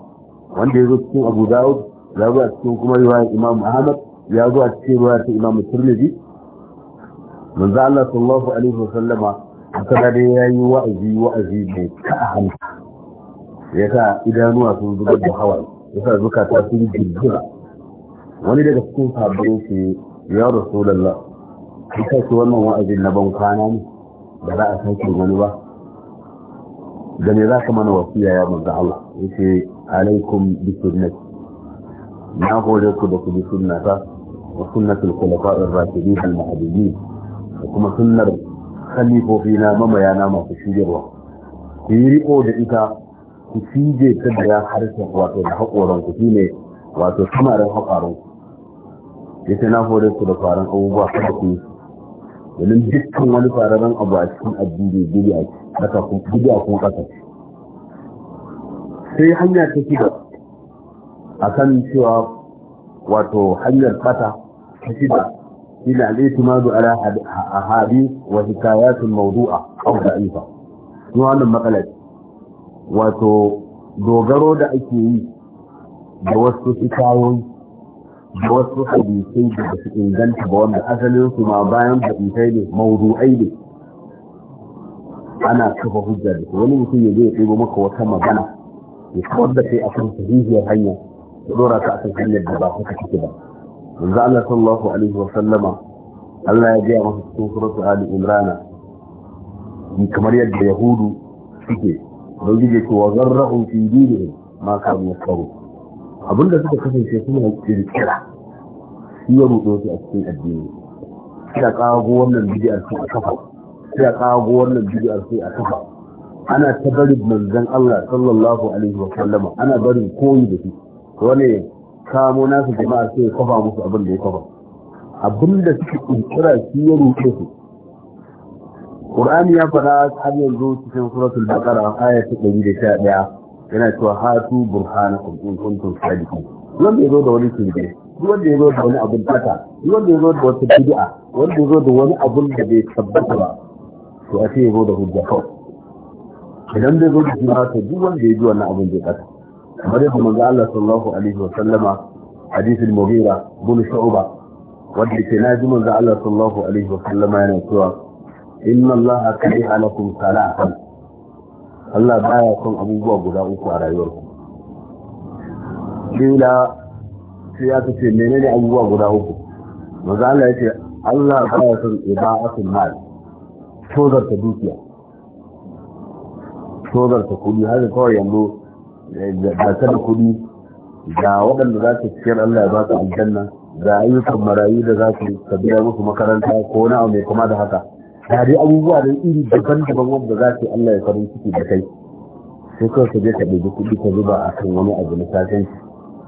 wanda ya zo cikin abu dawud ya zo a cikin kuma riwayar imam ahmad ya zo a cikin riwayar ta imam turmiji manzo Allah sallallahu alaihi wasallama aka da ya yi wa'azi wa'azi mai ka'an ya sa idanuwa sun zubar da hawa ya sa zukata sun jirgira wani daga cikin sabbin shi ya rasulullah ita ce wannan wa'azin na ban kwana ne ba za a sake wani ba da me za ka mana wasiya ya manzo Allah yace alaikum bi sunnati na hore ku da ku bi sunnata wa sunnatul khulafa'ir rashidin al mahdudin kuma sunnar khalifofi na mamaya na masu shigarwa ku yi riko da ita ku cije ta da ya harshen wato da haƙoran ku shine wato samarin haƙarin ku yace na hore ku da faran abubuwa kada ku yi domin dukkan wani fararen abu a cikin addini bidiya haka bidiya kuma kasa sai hanya ta shiga. A kan cewa wato hanyar fata ta shiga. shida shine al-itimadu ala ahadith wa hikayat mawdua aw da'ifa ni wannan matsalar wato dogaro da ake yi da wasu hikayoyi da wasu hadisai da ba su inganta ba wanda asalin su ma bayan da isai ne mawdu'ai ne ana kafa hujja da wani mutum ya je ya ɗebo maka wata magana ya kawar da kai akan sahihiyar hanya ya ɗora ka akan hanyar da ba ka ciki ba yanzu Allah sallallahu alaihi wa sallama Allah ya gaya masa cikin suratul Ali Imran kamar yadda Yahudu suke Ubangiji ya ce wa zarra'u fi dinihim ma kanu yaskaru abinda suka kasance suna kirkira shi ya rudo su a cikin addini suna a kago wannan bidiyar su a kafa suna a kago wannan bidiyar su a kafa ana ta bari manzon Allah sallallahu alaihi wa sallama ana bari koyi da shi wani kamo nasu jama'a sai ya kafa musu abin da ya kafa abin da suka kirkira shi ya rudo su Qur'ani ya faɗa har yanzu cikin suratul Baqara aya ta 111 yana cewa hatu burhanakum in kuntum sadiqin wanda yazo da wani shirye wanda yazo da wani abun fata wanda yazo da wata bid'a wanda yazo da wani abun da bai tabbata ba to a ce yazo da hujja kawai idan bai zo da hujja to duk wanda ya ji wannan abun zai kasa kamar yadda manzo Allah sallallahu alaihi wa sallama hadith al-mughira bin shu'ba wanda ke naji manzo Allah sallallahu alaihi wa sallama yana cewa inna Allah kariha lakum salatan Allah ba ya son abubuwa guda uku a rayuwarku kila sai ya ce menene abubuwa guda uku maza Allah ya ce Allah baya son ibadatul mal tozar ta dukiya tozar ta kudi haka kawai yanzu eh, da ta da kudi ga waɗanda za su ciyar Allah ya ba su aljanna ga ayyukan marayu da za su biya musu makaranta ko na abu mai kuma da haka da dai abubuwa da iri daban-daban wanda za su Allah ya farin ciki da kai sai kawai ka je ka ɗauki kuɗi ka zuba a kan wani abu na sashen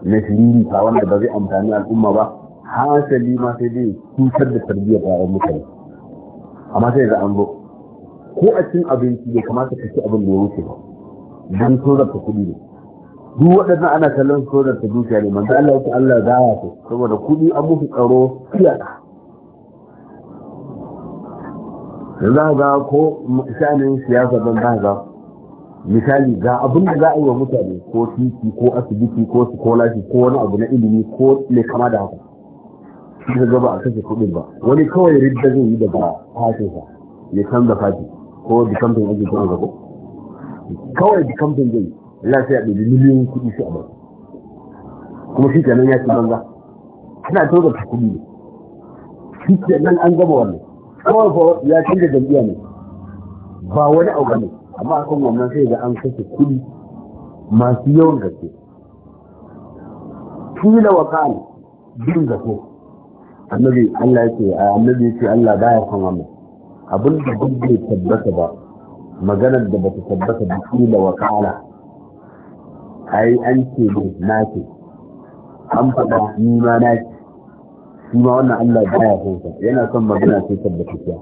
na shiriri Ba wanda ba zai amfani al'umma ba hasali ma sai dai cutar da tarbiyyar ƴaƴan mutane amma sai ga an zo ko a cin abinci bai kamata ka ci abin da ya wuce ba don tozarta kuɗi ne duk waɗannan ana kallon tozarta dukiya ne manzo Allah ya ce Allah ya gaya su saboda kuɗi an musu tsaro fiyaɗa yanzu za ga ko sha'anin siyasa don ba ga misali ga abin da za a yi wa mutane ko titi ko asibiti ko sikolashi ko wani abu na ilimi ko mai kama da haka shi ga gaba a kashe kuɗin ba wani kawai ridda zai yi daga fashinsa ya canza fati ko kamfin ake kuma gaba kawai kamfin zai lafiya da miliyoyin kuɗi shi a bai kuma shi kenan ya ci banza ana tozarta kuɗi ne shi kenan an gaba wannan kawai kawai ya canza jam'iyya ne ba wani abu ne amma akan wannan sai da an kashe kuɗi masu yawan gaske kila wa kan bin gaske annabi Allah yake annabi yake Allah baya son wannan abin da duk bai tabbata ba maganar da bata tabbata ba kila wa kana ai an ce ne na ce an faɗa ni ma na ce shi ma wannan Allah baya son sa yana son magana sai tabbatacciya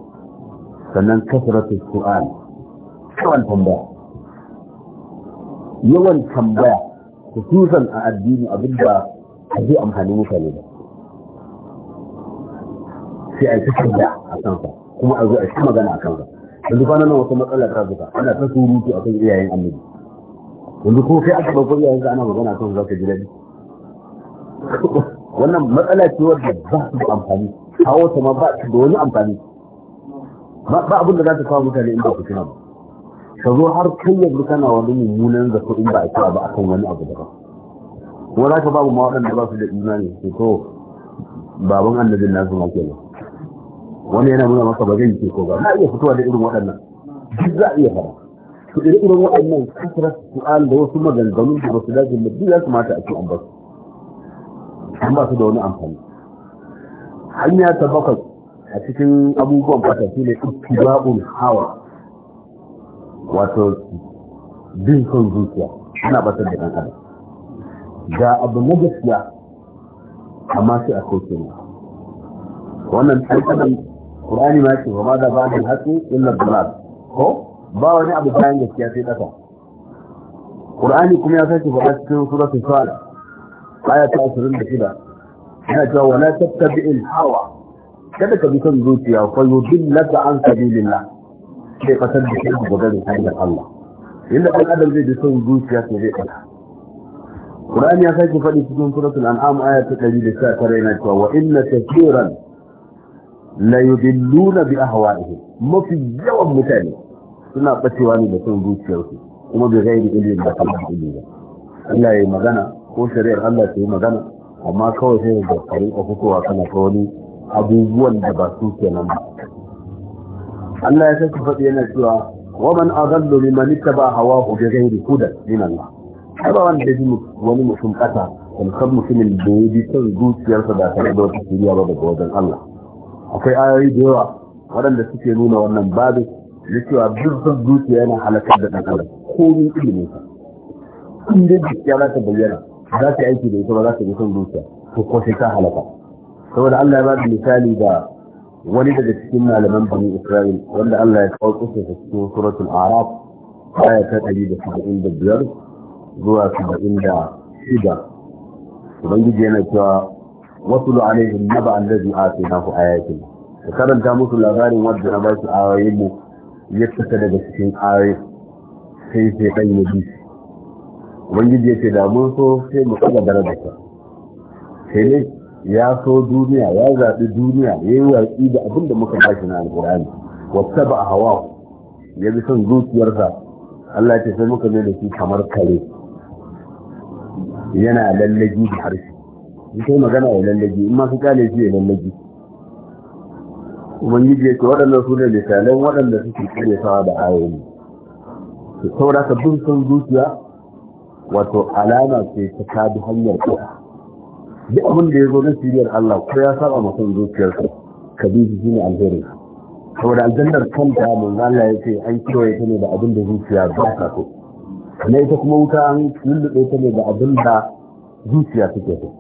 sannan kasratu su'al yawan tambaya yawan tambaya khususan a addini abin da zai amfani mutane ba sai a yi tambaya a kansa kuma a zo a shi magana a kansa yanzu kwanan nan wata matsala ta zuka ana ta surutu akan iyayen annabi yanzu ko sai aka ɗauko iyayen ana magana kan za ka ji daɗi wannan matsala ce wadda ba su da amfani kawo ta ma ba su da wani amfani ba abin da za ta kawo mutane in ba ku tuna ba ka zo har kai yanzu kana wani mummunan zato in ba a kira ba akan wani abu daban kuma za ka babu ma waɗanda ba su da imani su ko baban annabin nasu ma kenan wani yana nuna maka ba zai yi ko ba na iya fitowa da irin waɗannan duk za a iya fara to irin waɗannan kasar su'al da wasu maganganu da ba su dace mutum za su mata a ce an ba su amma ba su da wani amfani hanya ta bakwai a cikin abubuwan fata shi ne ittiba'ul hawa wato bin son zuciya ana batar da ɗan adam ga abu na gaskiya amma sai a kai kenan wannan ɗan adam Qur'ani ma ce wa ma da ba'dul haqqi illa dalal ko ba wani abu bayan gaskiya sai ɗaka. Qur'ani kuma ya sake faɗa cikin suratul Fala aya ta 26 yana cewa wala tattabi'il hawa kada ka bi son zuciya fa yudillaka an sabilillah sai fatar da shi gobe da hanyar Allah inda ɗan adam zai bi son zuciya sai zai fada Qur'ani ya sake faɗi cikin suratul an'am aya ta 119 yana cewa wa inna kathiran la yudilluna bi ahwa'ihim mafi yawan mutane suna bacewa ne da son zuciyarsu kuma bai gairi ilimin da kan ilimi ba Allah ya yi magana ko shari'ar Allah ta yi magana amma kawai sai da kare a kana ta wani abubuwan da ba su kenan ba Allah ya saki faɗi yana cewa wa man azallu liman ittaba hawahu bi ghairi huda min Allah ai ba wanda ji wani mutum kasa kan mutumin da ya bi son zuciyarsa da tare da wata shiriya ba daga wajen Allah akwai ayoyi da yawa waɗanda suke nuna wannan babu da cewa duk son zuciya yana halakar da ɗan Ko min ilimin sa in dai gaskiya za ta bayyana za ta yi aiki da ita ba za ta bi son zuciya to ko sai ta halaka saboda Allah ya ba da misali da wani daga cikin malaman bani Isra'il wanda Allah ya kawo kusa ta cikin suratul Araf aya ta 175 zuwa 76 ubangiji yana cewa wasu lu'alaihim naba allazi atainahu ayatin ka karanta musu labarin wanda na ba su ayoyin mu ya fita daga cikin ayoyi sai sai dan ya ubangiji ya ce da mun so sai mu kaga darajarsa sai ne ya so duniya ya zaɓi duniya ya yi watsi da abin da muka bashi na alƙur'ani wata ba a hawa ya bi son zuciyarsa Allah ya ce sai muka ne da shi kamar kare yana lallaji da harshe in kai magana ya lallaji in ma su kale shi ya lallaji ubangiji ya ce waɗannan su ne misalan waɗanda suke kare sawa da ayoyi su saura ka bin son zuciya wato alama ce ta kabi hanyar ka duk abin da ya zo na siriyar Allah ko ya saba mutum zuciyar ka bi shi ne alheri saboda aljannar kanta mun Allah ya ce an kiwaye ta ne da abin da zuciya ba ta so na ita kuma wuta an lullube ta ne da abin da zuciya suke so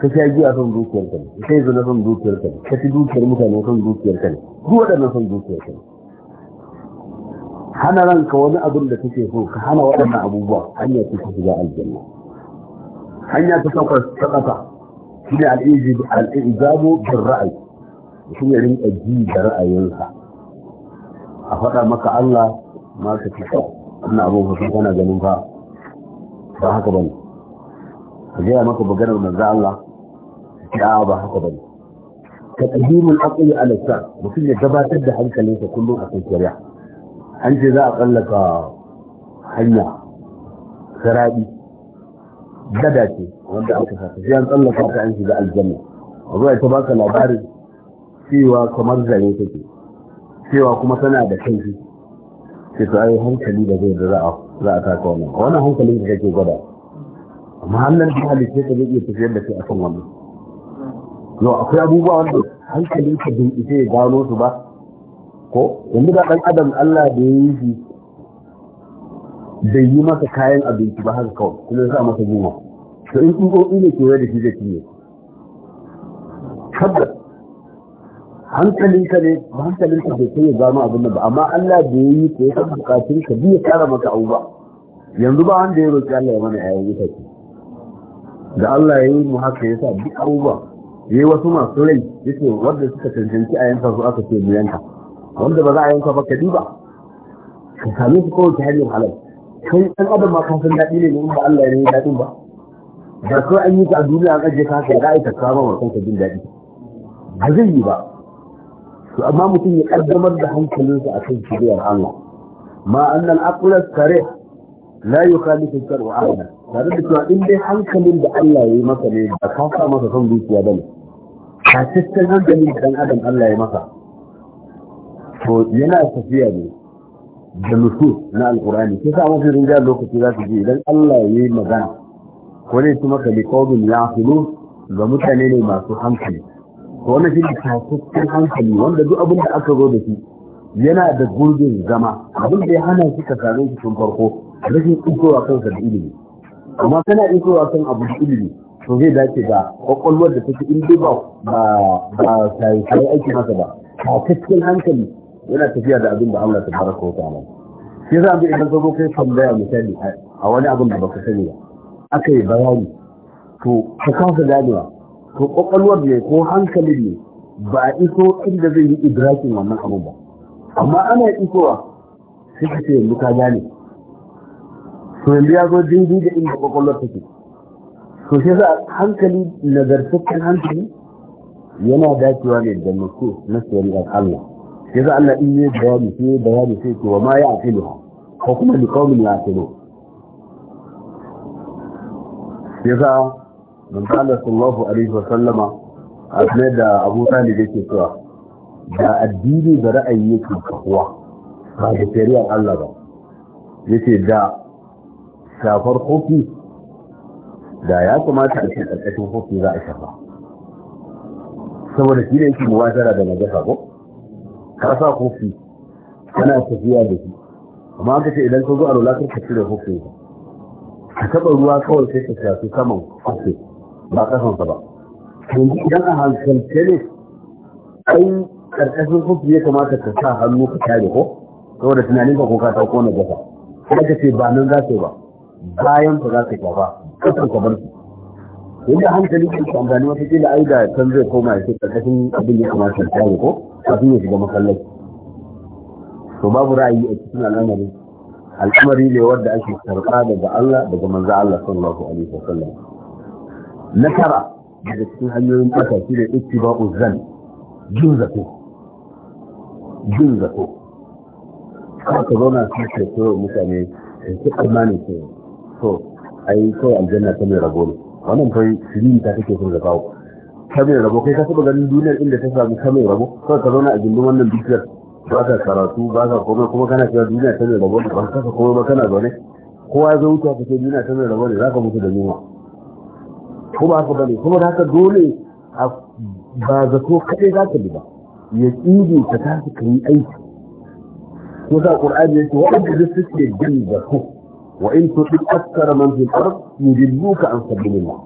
ka sha giya son zuciyarka ne kai zo na son zuciyar ne ka ci zuciyar mutane son zuciyarka ne duk waɗannan son zuciyarka ne hana ranka wani abin da take so ka hana waɗannan abubuwa hanya ta ta shiga aljanna hanya ta takwas ta ƙasa shi ne al'ijabu bin ra'ayi shi ne rinka ji da ra'ayinsa a faɗa maka Allah ma ka ci kyau wannan abin hukun kana ganin fa ba haka bane ka gaya maka maganar manzo Allah ya ba haka bane ka qadimul aqli ala sa mutum ya gabatar da hankalinsa kullum a kan shari'a an ce za a tsallaka hanya sarabi gada ce wanda aka sata shi an tsallaka ta an shiga aljanna ruwa ta baka labarin cewa kamar zane take cewa kuma tana da kanki ce to ai hankali da zai da za a taka wannan wannan hankalin da kake gwada amma hannun da halitta ta zai iya tafiyar da kai kan wannan yau akwai abubuwa wanda hankalin ka bin ita ya gano su ba ko yanzu ga ɗan adam Allah da ya yi shi bai yi masa kayan abinci ba haka kawai kuma ya sa masa goma to in tsutsotsi ne kewaye da shi zai cinye tabbas ka ne ba ka bai kai ya gano abin nan ba amma Allah da ya yi ko ya san bukatun ka biya kara maka abu ba yanzu ba wanda ya roƙi Allah ya mana yayin ita ce da Allah ya yi mu haka ya sa duk abubuwa ya yi wasu masu rai ya ce wadda suka cancanci a yanka su aka ce mu yanka wanda ba za a yanka ba ka diba ka same su kowace hanyar halal Kan ɗan adam ma san daɗi ne in ba Allah ya yi daɗin ba ba kawai an yi ka a duniya an ajiye ka kai ra'ayi ka kama wa kanka jin daɗi ba zai yi ba to amma mutum ya kaddamar da hankalinsa a kan shiriyar Allah ma annal aqla sarih la yukhalifu shar'a ahada tare da cewa in dai hankalin da Allah ya yi maka ne ba ka sa masa son zuciya bane ka tattalin hankalin da ɗan adam Allah ya maka to yana tafiya ne da nufi na alkurani sai sa mafi rinjiyar lokaci za su ji idan Allah ya yi magana ko ne kuma ka liƙaunin ya hulu ga mutane ne masu hankali to wannan shi ne hankali wanda duk abin da aka zo da shi yana da gurbin zama abin da ya hana shi ka sare shi tun farko rashin isowa kansa da ilimi amma kana isowa kan abu da ilimi to zai dace da kwakwalwar da take in dai ba ba ba sai aiki masa ba a cikin hankali yana tafiya da abin da Allah ta baraka wa ta'ala shi yasa abin idan zo kai tambaya misali a wani abin da baka sani ba aka yi bayani to ka kasa ganewa to kwakwalwar ne ko hankalin ne ba a iso inda zai yi idrakin wannan abin ba amma ana isowa sai ka ce yanzu ka gane to yanzu ya zo dindi da inda kwakwalwar take to shi yasa hankali nagartaccen hankali yana dacewa ne da nasu na shari'ar Allah Ya yanzu Allah in yi bayani sai bayani sai ce wa ma ya aqilu ko kuma li qaumin ya aqilu yanzu manzo Allah sallallahu alaihi wa sallama a da Abu da ke cewa da addini da ra'ayi yake kafuwa ba da shari'ar Allah ba yace da shafar kofi da ya kamata a ce ƙarƙashin kofi za a shafa saboda shi ne yake muwazara da najasa ko ka sa kofi kana tafiya da shi amma aka ce idan ka zo a rola ka ka cire kofi ka taba ruwa kawai sai ka shafi saman kofi ba kasansa ba yanzu idan a hankalce ne ai karkashin kofi ya kamata ka sa hannu ka tare ko saboda tunanin ka ko ka ta kona gasa kuma ka ce ba nan za ka yi ba bayan ka za su yi ba kasan ka bar su inda hankali ke amfani wata kila ai da can zai koma ya ce karkashin abin ya kamata ya tsare ko kafin ya shiga masallaci to babu ra'ayi a cikin al'amari al'amari ne wanda ake karɓa daga Allah daga manzo Allah sallallahu alaihi wa sallam na tara daga cikin hanyoyin ƙasa shi ne ittiba'u zan jin zato jin zato kar ka zauna su ce to mutane su tsammanin ce to ai kawai aljanna ta mai rabo ne wannan fa shiri ta take son da kawo kamar rabo kai ka saba ganin duniyar inda ta samu kamar rabo kawai ka zauna a gindin wannan bishiyar ba ka karatu ba ka komai kuma kana cewa duniya ta mai rabo ba ka komai ba kana zaune kowa ya zo ka ce duniya ta mai rabo ne za ka mutu da yunwa ko ba haka bane kuma da haka dole ba zato kaɗai za ka bi ba ya tsiri ka tafi ka yi aiki ko za ƙur'ani ya ce waɗanda suke jin zato وإن تطيع أكثر من في الأرض يجلوك عن سبيل الله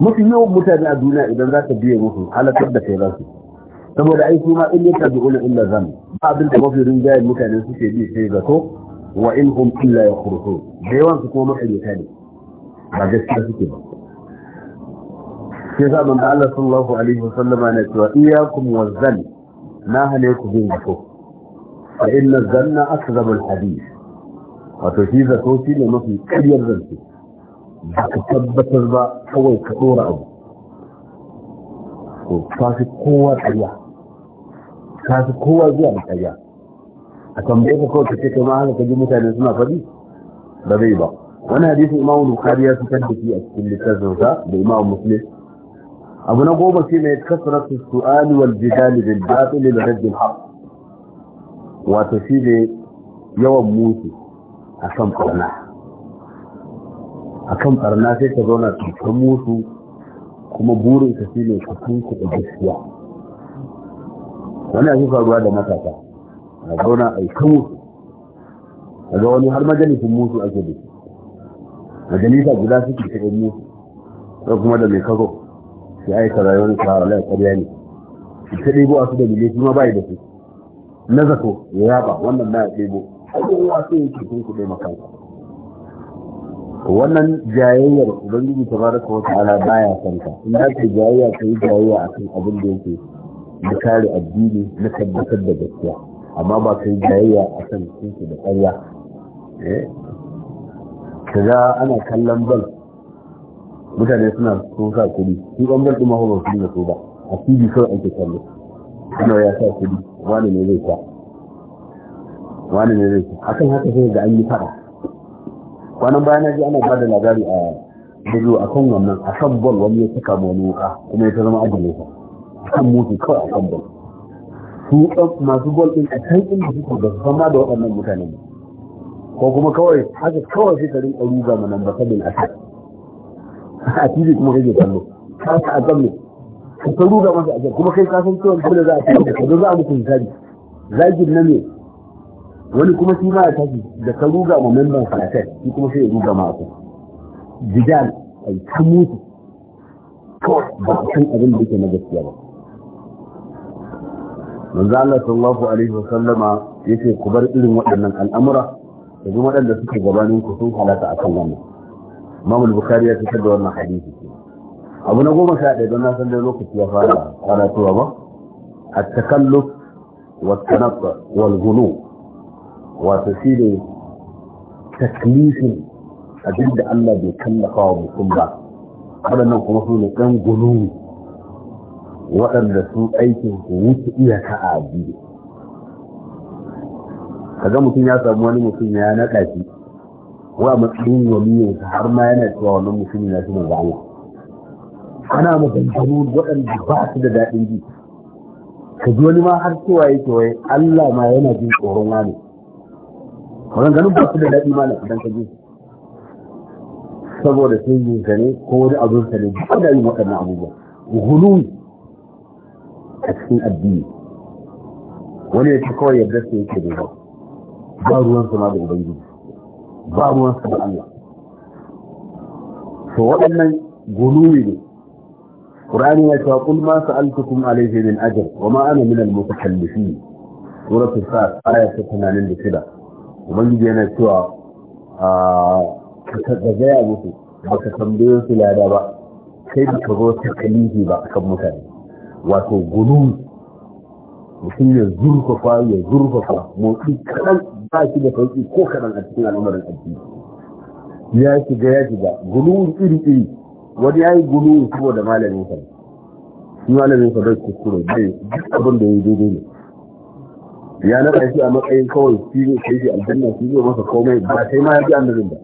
mafi yawan mutane a duniya idan za ka biye musu halatar da kai ransu saboda ai kuma in yata bi ulul illa zan ba abin da mafi rinjayen mutane suke bi sai zato wa in hum illa yakhrusun da yawan su kuma makarita ne ba gaskiya suke ba sai sa manzo Allah sallallahu alaihi wasallam ne cewa na zanna wato shi zato shi ne mafi karyar zance ba ka tabbatar ba kawai ka tsora abu ko ka fi kowa karya ka fi kowa zuwa da karya a tambaye ka kawai ka ce kai ma haka ka ji mutane suna faɗi ba zai ba wani hadisin imam bukhari ya fitar da shi a cikin littafinsa da imam muslim abu na goma shi ne kasratu su'ali wal jidali bil batil lil radd al haqq wato shi ne yawan musu a kan ɓarna a kan ɓarna sai ka zauna tutan musu kuma burin ka shi ne ka tunku da gaskiya wani ake faruwa da matasa a zauna a yi ta musu a ga wani har majalisun musu ake da shi majalisa guda suke shiga musu sai kuma da mai kago ya aika rayuwar a lai ƙarya ne ta ɗebo a su da bile ma bayi da su na zato ya yaba wannan na ya ɗebo kowa sai yake kun kuɗe makansa wannan jayayyar ubangiji ta baraka wata ala baya son ka in ka jayayya ta yi jayayya a kan abin da yake na kare addini na tabbatar da gaskiya amma ba ka yi jayayya a kan kunki da ƙarya za eh? ana kallon bal mutane suna sun sa kuɗi su ɗan bal ɗin mahaifar su da so ba a fili kawai ake kallo suna ya sa kuɗi wani ne zai sa wani ne zai akan haka sai ga an yi fara kwanan bayan na ji ana bada labari a bugu a kan wannan a kan bol wani ya cika ma wani wuka kuma ya zama adalai sa a kan mutu kawai a kan bol su masu bol ɗin a can inda suke ba su san da waɗannan mutane ba ko kuma kawai haka kawai sai ka rinka ruga ma ba sabin a kan a tv kuma kake kallo kasa a kan ka ruga masa a kan kuma kai ka san cewa dole za a ci da za a mutu misali zagin na ne wani kuma shi ma ya tashi da ka ruga ma memban falatar shi kuma sai ya ruga ma ku jidal a yi ta mutu ba a san abin da yake na gaskiya ba manzo Allah sallallahu alaihi wasallama yace ku bar irin waɗannan al'amura da kuma waɗanda suke gabanin ku sun halata akan wannan Imam bukhari ya fitar da wannan hadisi abu na goma sha ɗaya don na san dai lokaci ya fara karatuwa ba at-takalluf wa at-tanaqqu wal-ghulu wato shi ne taklifin abin da Allah bai kallafa wa mutum ba waɗannan kuma su ne ɗan gulu waɗanda su aikin su wuce iyaka a addini kaga mutum ya samu wani mutum ya naɗa shi wa matsayin waliyinsa har ma yana cewa wannan mutum ya shi mai zama ana maganganu waɗanda ba su da daɗin ji ka ji wani ma har cewa yake wai Allah ma yana jin tsoron wani ganin ba su da daɗi malam idan ka ji saboda sun yi zane ko wani abin sa ne ba da yin waɗannan abubuwa gulu a cikin addini wani ya ci kawai yadda su yake da ba ba ruwansa ma da ubangiji ba ruwansa da Allah to waɗannan guluwi ne Qur'ani ya ce qul ma sa'altukum alayhi min ajr wa ma ana min al-mutakallifin suratul fat aya 86 ubangiji yana cewa zai gaya musu ba ka tambaye su lada ba kai da kazo zo ta kalihi ba a kan mutane wato gudu mutum ya zurfafa ya zurfafa motsi kaɗan ba shi da sauƙi ko kaɗan a cikin al'amarin addini ya shiga ya shiga gudu iri iri wani ya yi gulu saboda malamin sa shi malamin sa bai kuskure bai duk abin da ya yi daidai ne ya na shi a matsayin kawai shi ne kai shi aljanna shi ne masa komai ba sai ma ya ji annabin ba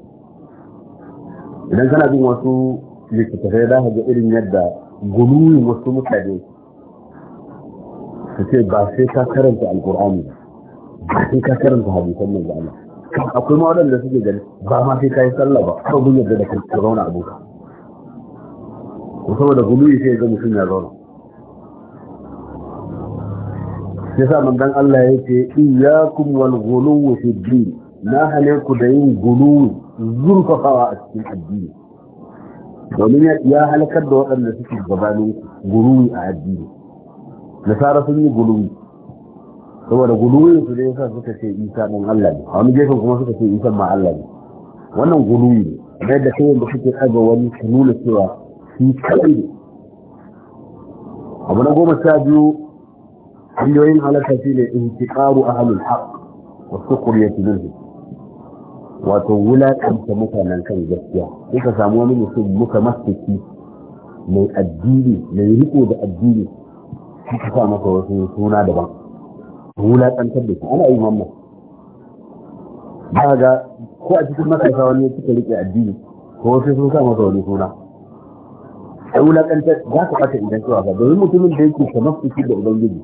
idan kana bin wasu littattafai za ka ga irin yadda guluyin wasu mutane su ce ba sai ka karanta alkur'ani ba sai ka karanta hadisan manzo Allah akwai ma waɗanda suke gani ba ma sai ka yi sallah ba kawai yadda da ka zauna ko saboda guluyi sai ga mutum ya zauna yasa manzon Allah ya yake iyyakum wal ghuluw fi din na hane ku da yin guluwi zurfafawa a cikin addini domin ya halakar da waɗanda suke gabanin guluwi a addini nasara sun yi guluwi saboda guluwi su da yasa suka ce isa ɗan Allah ne a wani gefen kuma suka ce isa ma Allah ne wannan guluwi ne da yadda kai wanda suke ɗaga wani su nuna cewa shi kaɗai ne abu na goma sha biyu hanyoyin halaka shi ne in ci a intiqaru ahlul haqq wa suqriyatu minhu wato wulaƙanta mutanen kan gaskiya suka samu wani mutum muka masaki mai addini mai riko da addini suka sa masa wasu suna daban wulaƙantar da shi ana yi mamma ba ga ko a cikin matasa wani suka riƙe addini ko wasu sun sa masa wani suna ai wulaƙantar za ka ɓata idan cewa ba domin mutumin da yake kamar su da ubangiji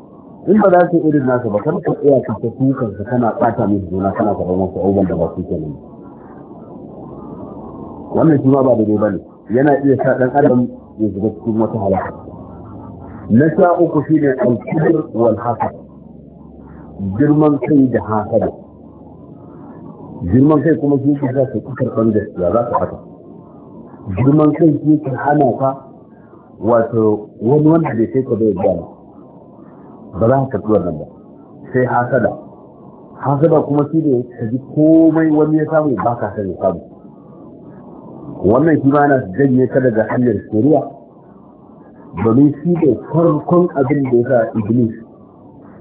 in ba za su irin nasa, ba kan ka tsaya ka ta tukan ka kana ɓata min juna kana faɗan wasu abubuwan da ba su kenan wannan shi ma ba daidai ba ne yana iya sa ɗan adam ya zuba cikin wata halaka na sha uku shi ne alkubur wal hasad girman kai da hasada girman kai kuma shi ke za su karɓar gaskiya za su haka girman kai shi ke hana ka wato wani wanda bai kai ka bai gana ba za ka karɓi nan ba sai hasada hasada kuma shi ne ka ji komai wani ya samu ba ka sani samu wannan shi ma yana janye ka daga hanyar shari'a domin shi ne farkon abin da ya sa iblis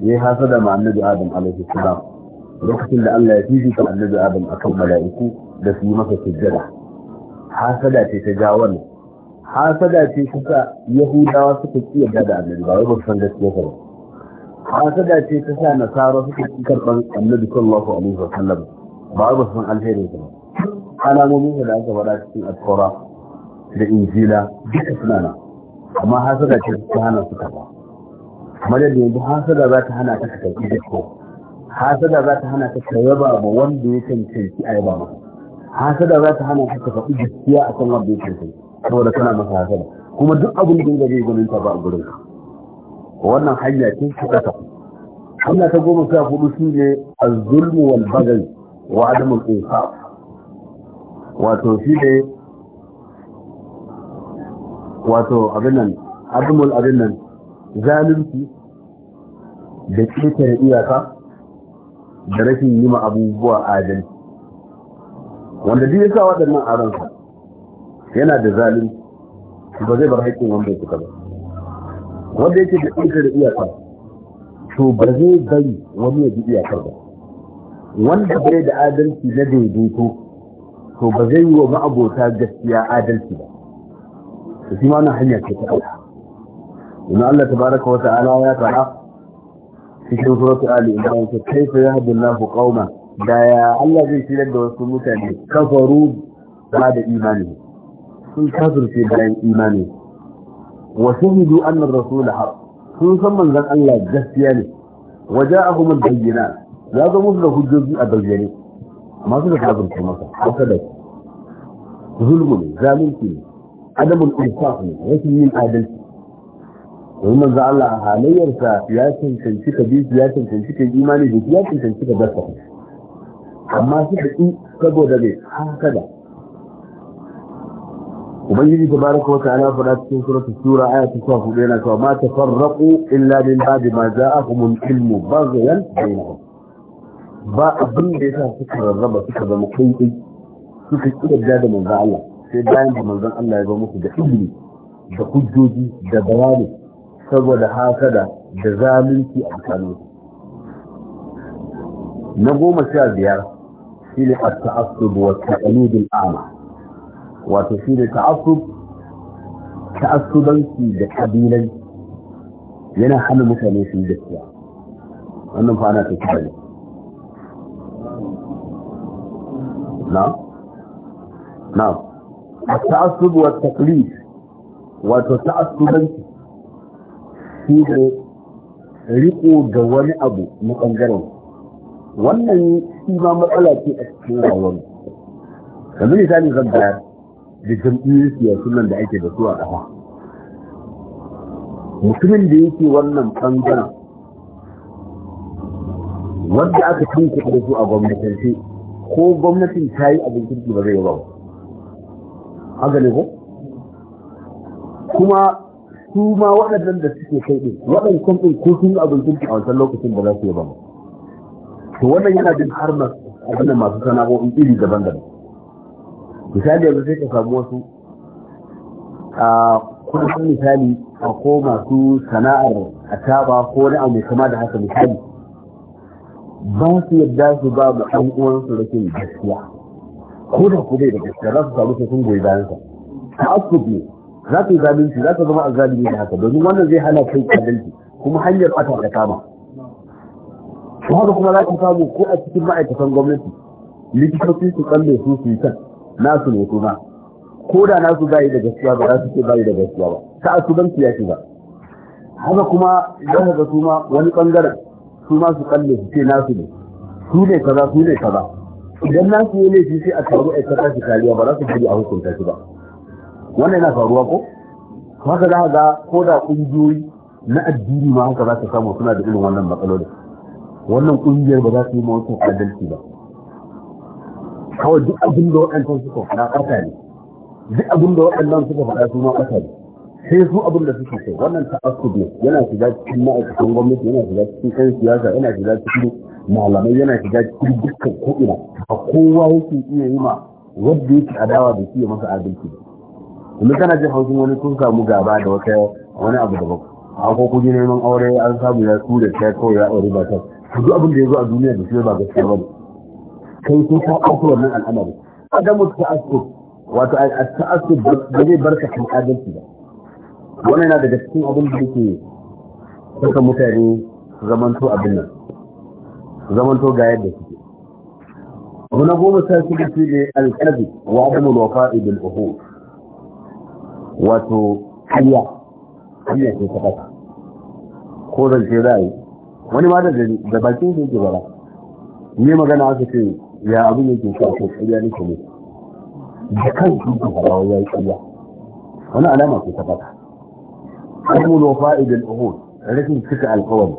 ya yi hasada ma annabi adam alaihi salam lokacin da Allah ya fi fifita annabi adam akan mala'iku da su yi masa sujjada hasada ce ta ja wannan hasada ce kusa yahudawa suka kiyar da annabi ba wai ba san gaskiya ba hasada ce ta sa nasara suka ci karɓar annabi sallallahu alaihi wa sallam ba ba san alheri ba alamomin da aka faɗa cikin alkora da injila duka suna nan amma hasada ce ta hana su ba. kamar yadda yanzu hasada za ta hana ta ka karɓi duka hasada za ta hana ta ka yaba ba wanda ya cancanci a yaba ma hasada za ta hana ta ka faɗi gaskiya a kan wanda ya cancanci saboda kana masa hasada kuma duk abin da zai ganin ta ba a gurin wannan hanya ce ta kasa hanya ta goma sha hudu shi ne zulmu wal bagai wa adamul insa wato shi ne wato abin nan adamul abin nan zalunci da ƙetare iyaka da rashin yi ma abubuwa adalci wanda duk ya sa waɗannan aransa yana da zalunci ba zai bar haƙƙin wanda ya ba wanda yake da ita da iyaka to ba zai bari wani ya bi iyakar ba wanda bai da adalci na daidaito to ba zai yi wa ma'abota gaskiya adalci ba da shi ma na hanya ce ta Allah in Allah tabaraka wa ta'ala ya fara cikin suratul ali imran ta kaifa yahdi Allahu qauma da ya Allah zai tilar da wasu mutane kafaru ba da imani sun kafirce bayan imani wa shahidu anna ar-rasul haq sun san manzon Allah gaskiya ne waja'ahum al-bayyinat ya zo musu da hujjoji a bayyane amma suka kafirce masa haka da zulmu ne zalunci ne adabul insaf ne rashin yin adalci domin manzo Allah a halayyarsa ya cancanci ka bi ya cancanci ya cancanci ka amma saboda bai haka da ubangiji tabaraka wa ta'ala fara cikin suratu sura aya ta 14 yana cewa ma tafarraqu illa min ba'di ma ja'akumul ilmu baghyan ba abin da yasa suka rarraba suka zama kai suka kiyarda da manzon Allah sai bayan da manzon Allah ya ba musu da ilmi da hujjoji da bayani saboda hasada da zalunci a tsakanin na goma sha biyar shine at-ta'assub wa at-ta'lid al-a'ma wato shi ne ta'assub ta'assubanci da kabilai yana hana mutane su yi gaskiya wannan fa ana ta kira ne na na ta'assub wa taklif wato ta'assubanci shi ne riko da wani abu na ɓangaren wannan shi ma matsala ce a cikin rayuwar yanzu misali zan bayar da jam'iyyar siyasa nan da ake da su a ƙasa mutumin da yake wannan ɓangaren wanda aka tunke da su a gwamnatance ko gwamnatin ta yi abin kirki ba zai yi ba haka ne ko kuma su ma waɗannan da suke kai ɗin waɗannan ɗin ko sun yi abin kirki a wancan lokacin ba za su yi ba to wannan yana jin har masu sana'o'in iri daban-daban misali yanzu sai ka samu wasu a kudin misali a ko masu sana'ar ataba ko wani abu kama da haka misali ba su yadda su ba mu ɗan uwansu rashin gaskiya ko da ku bai da gaskiya za su samu sai sun goyi bayan sa ta asu ne za su yi zalunci za su zama a zalunci da haka domin wannan zai hana kai zalunci kuma hanyar ɓata da kama to haka kuma za ku samu ko a cikin ma'aikatan gwamnati likitoci su kalle su su yi kan nasu ne kuma ko da nasu bayi da gaskiya ba za su ce bayi da gaskiya ba ta su ya ba haka kuma idan ka ga su ma wani bangaren su ma su kalle su ce nasu ne su ne kaza su ne kaza idan nasu yi laifi sai a taru a kasa shi kariya ba za su gudu a hukunta shi ba wannan yana faruwa ko haka za ka ga ko da ƙungiyoyi na addini ma haka za ka samu suna da irin wannan matsalolin wannan ƙungiyar ba za su yi ma adalci ba kawai duk abin da waɗancan suka faɗa ƙasa ne duk abin da waɗannan suka faɗa su ma ƙasa ne sai su abin da suke so wannan ta'assub ne yana shiga cikin ma'aikatan gwamnati yana shiga cikin kan siyasa yana shiga cikin malamai yana shiga cikin dukkan ko'ina a kowa yake iya yi ma wadda yake adawa da shi ya masa adalci kuma kana jin haushin wani sun samu gaba da wata wani abu daban a ko kuji neman aure an samu ya su da ta kawai ya aure ba ta duk abin da ya zo a duniya da shi ba gaskiya ba ne kai sai ka ɗauki wannan al'amari adamu ta'assub wato ta'assub ba zai barka kan adalci ba wannan yana daga cikin abin da yake saka mutane zamanto abin nan zamanto ga yadda suke abu na goma sha shida shi ne alƙarfi wa adamul wafa'i bil uhud wato kariya kariya ce ta ƙasa ko zance za a yi wani ma da bakin shi yake bara ne magana aka ce ya abin yake shi a kan ƙarya nake ne da kan shi ke harawa ya yi ƙarya wani alama ce ta kuma no fa'idin uhud rashin cika alƙawari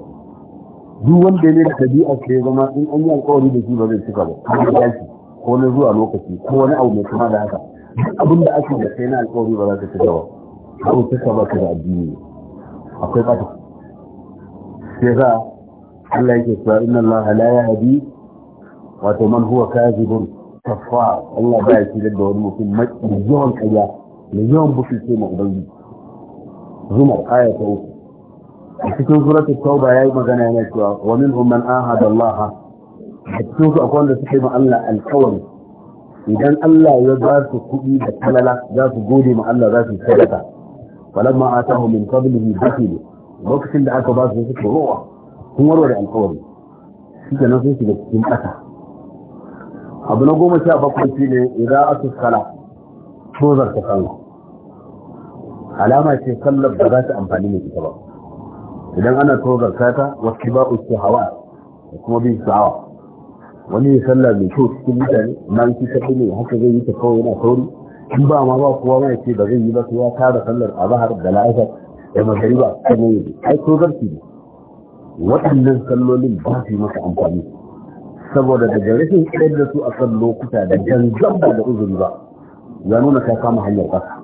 duk wanda ne da tabi'a ce zama in an yi alƙawari da shi ba zai cika ba ko ya shi ko na zuwa lokaci ko wani abu mai kama da haka abin da ake da kai na alƙawari ba za ka cika ba ko cika ba ka da addini akwai sai za Allah yake cewa inna Allah la yahdi wato man huwa kazibun kafar Allah baya ya da wani mutum mai yawan kaya mai yawan butulce ma ubangiji zumar aya ta uku a cikin suratul tauba yayi magana yana cewa wa minhum man ahada Allah a cikin su akwai wanda suke ma Allah alkawari idan Allah ya ba su kuɗi da talala za su gode ma Allah za su sadaka falamma atahu min qablihi bakhil lokacin da aka ba su suka rowa sun warware alkawari shi ke nan sun shiga cikin ƙasa abu na goma sha bakwai shi ne idan aka kala tozar ta alama ce sallar da za ta amfani mai ita ba idan ana tozar ta wasu ba uku hawa da kuma bin sha'awa wani ya sallar mai kyau cikin mutane na shi kaɗai ne haka zai yi ta kawai yana sauri in ba ma ba kowa ce ba zai yi ba sai ya tara sallar azhar da la'asar da magariba kan yi ai tozar ne waɗannan sallolin ba su yi masa amfani saboda daga rashin tsayar da su a kan lokuta da gangan ba da uzuri ba ya nuna ta kama hanyar ƙasa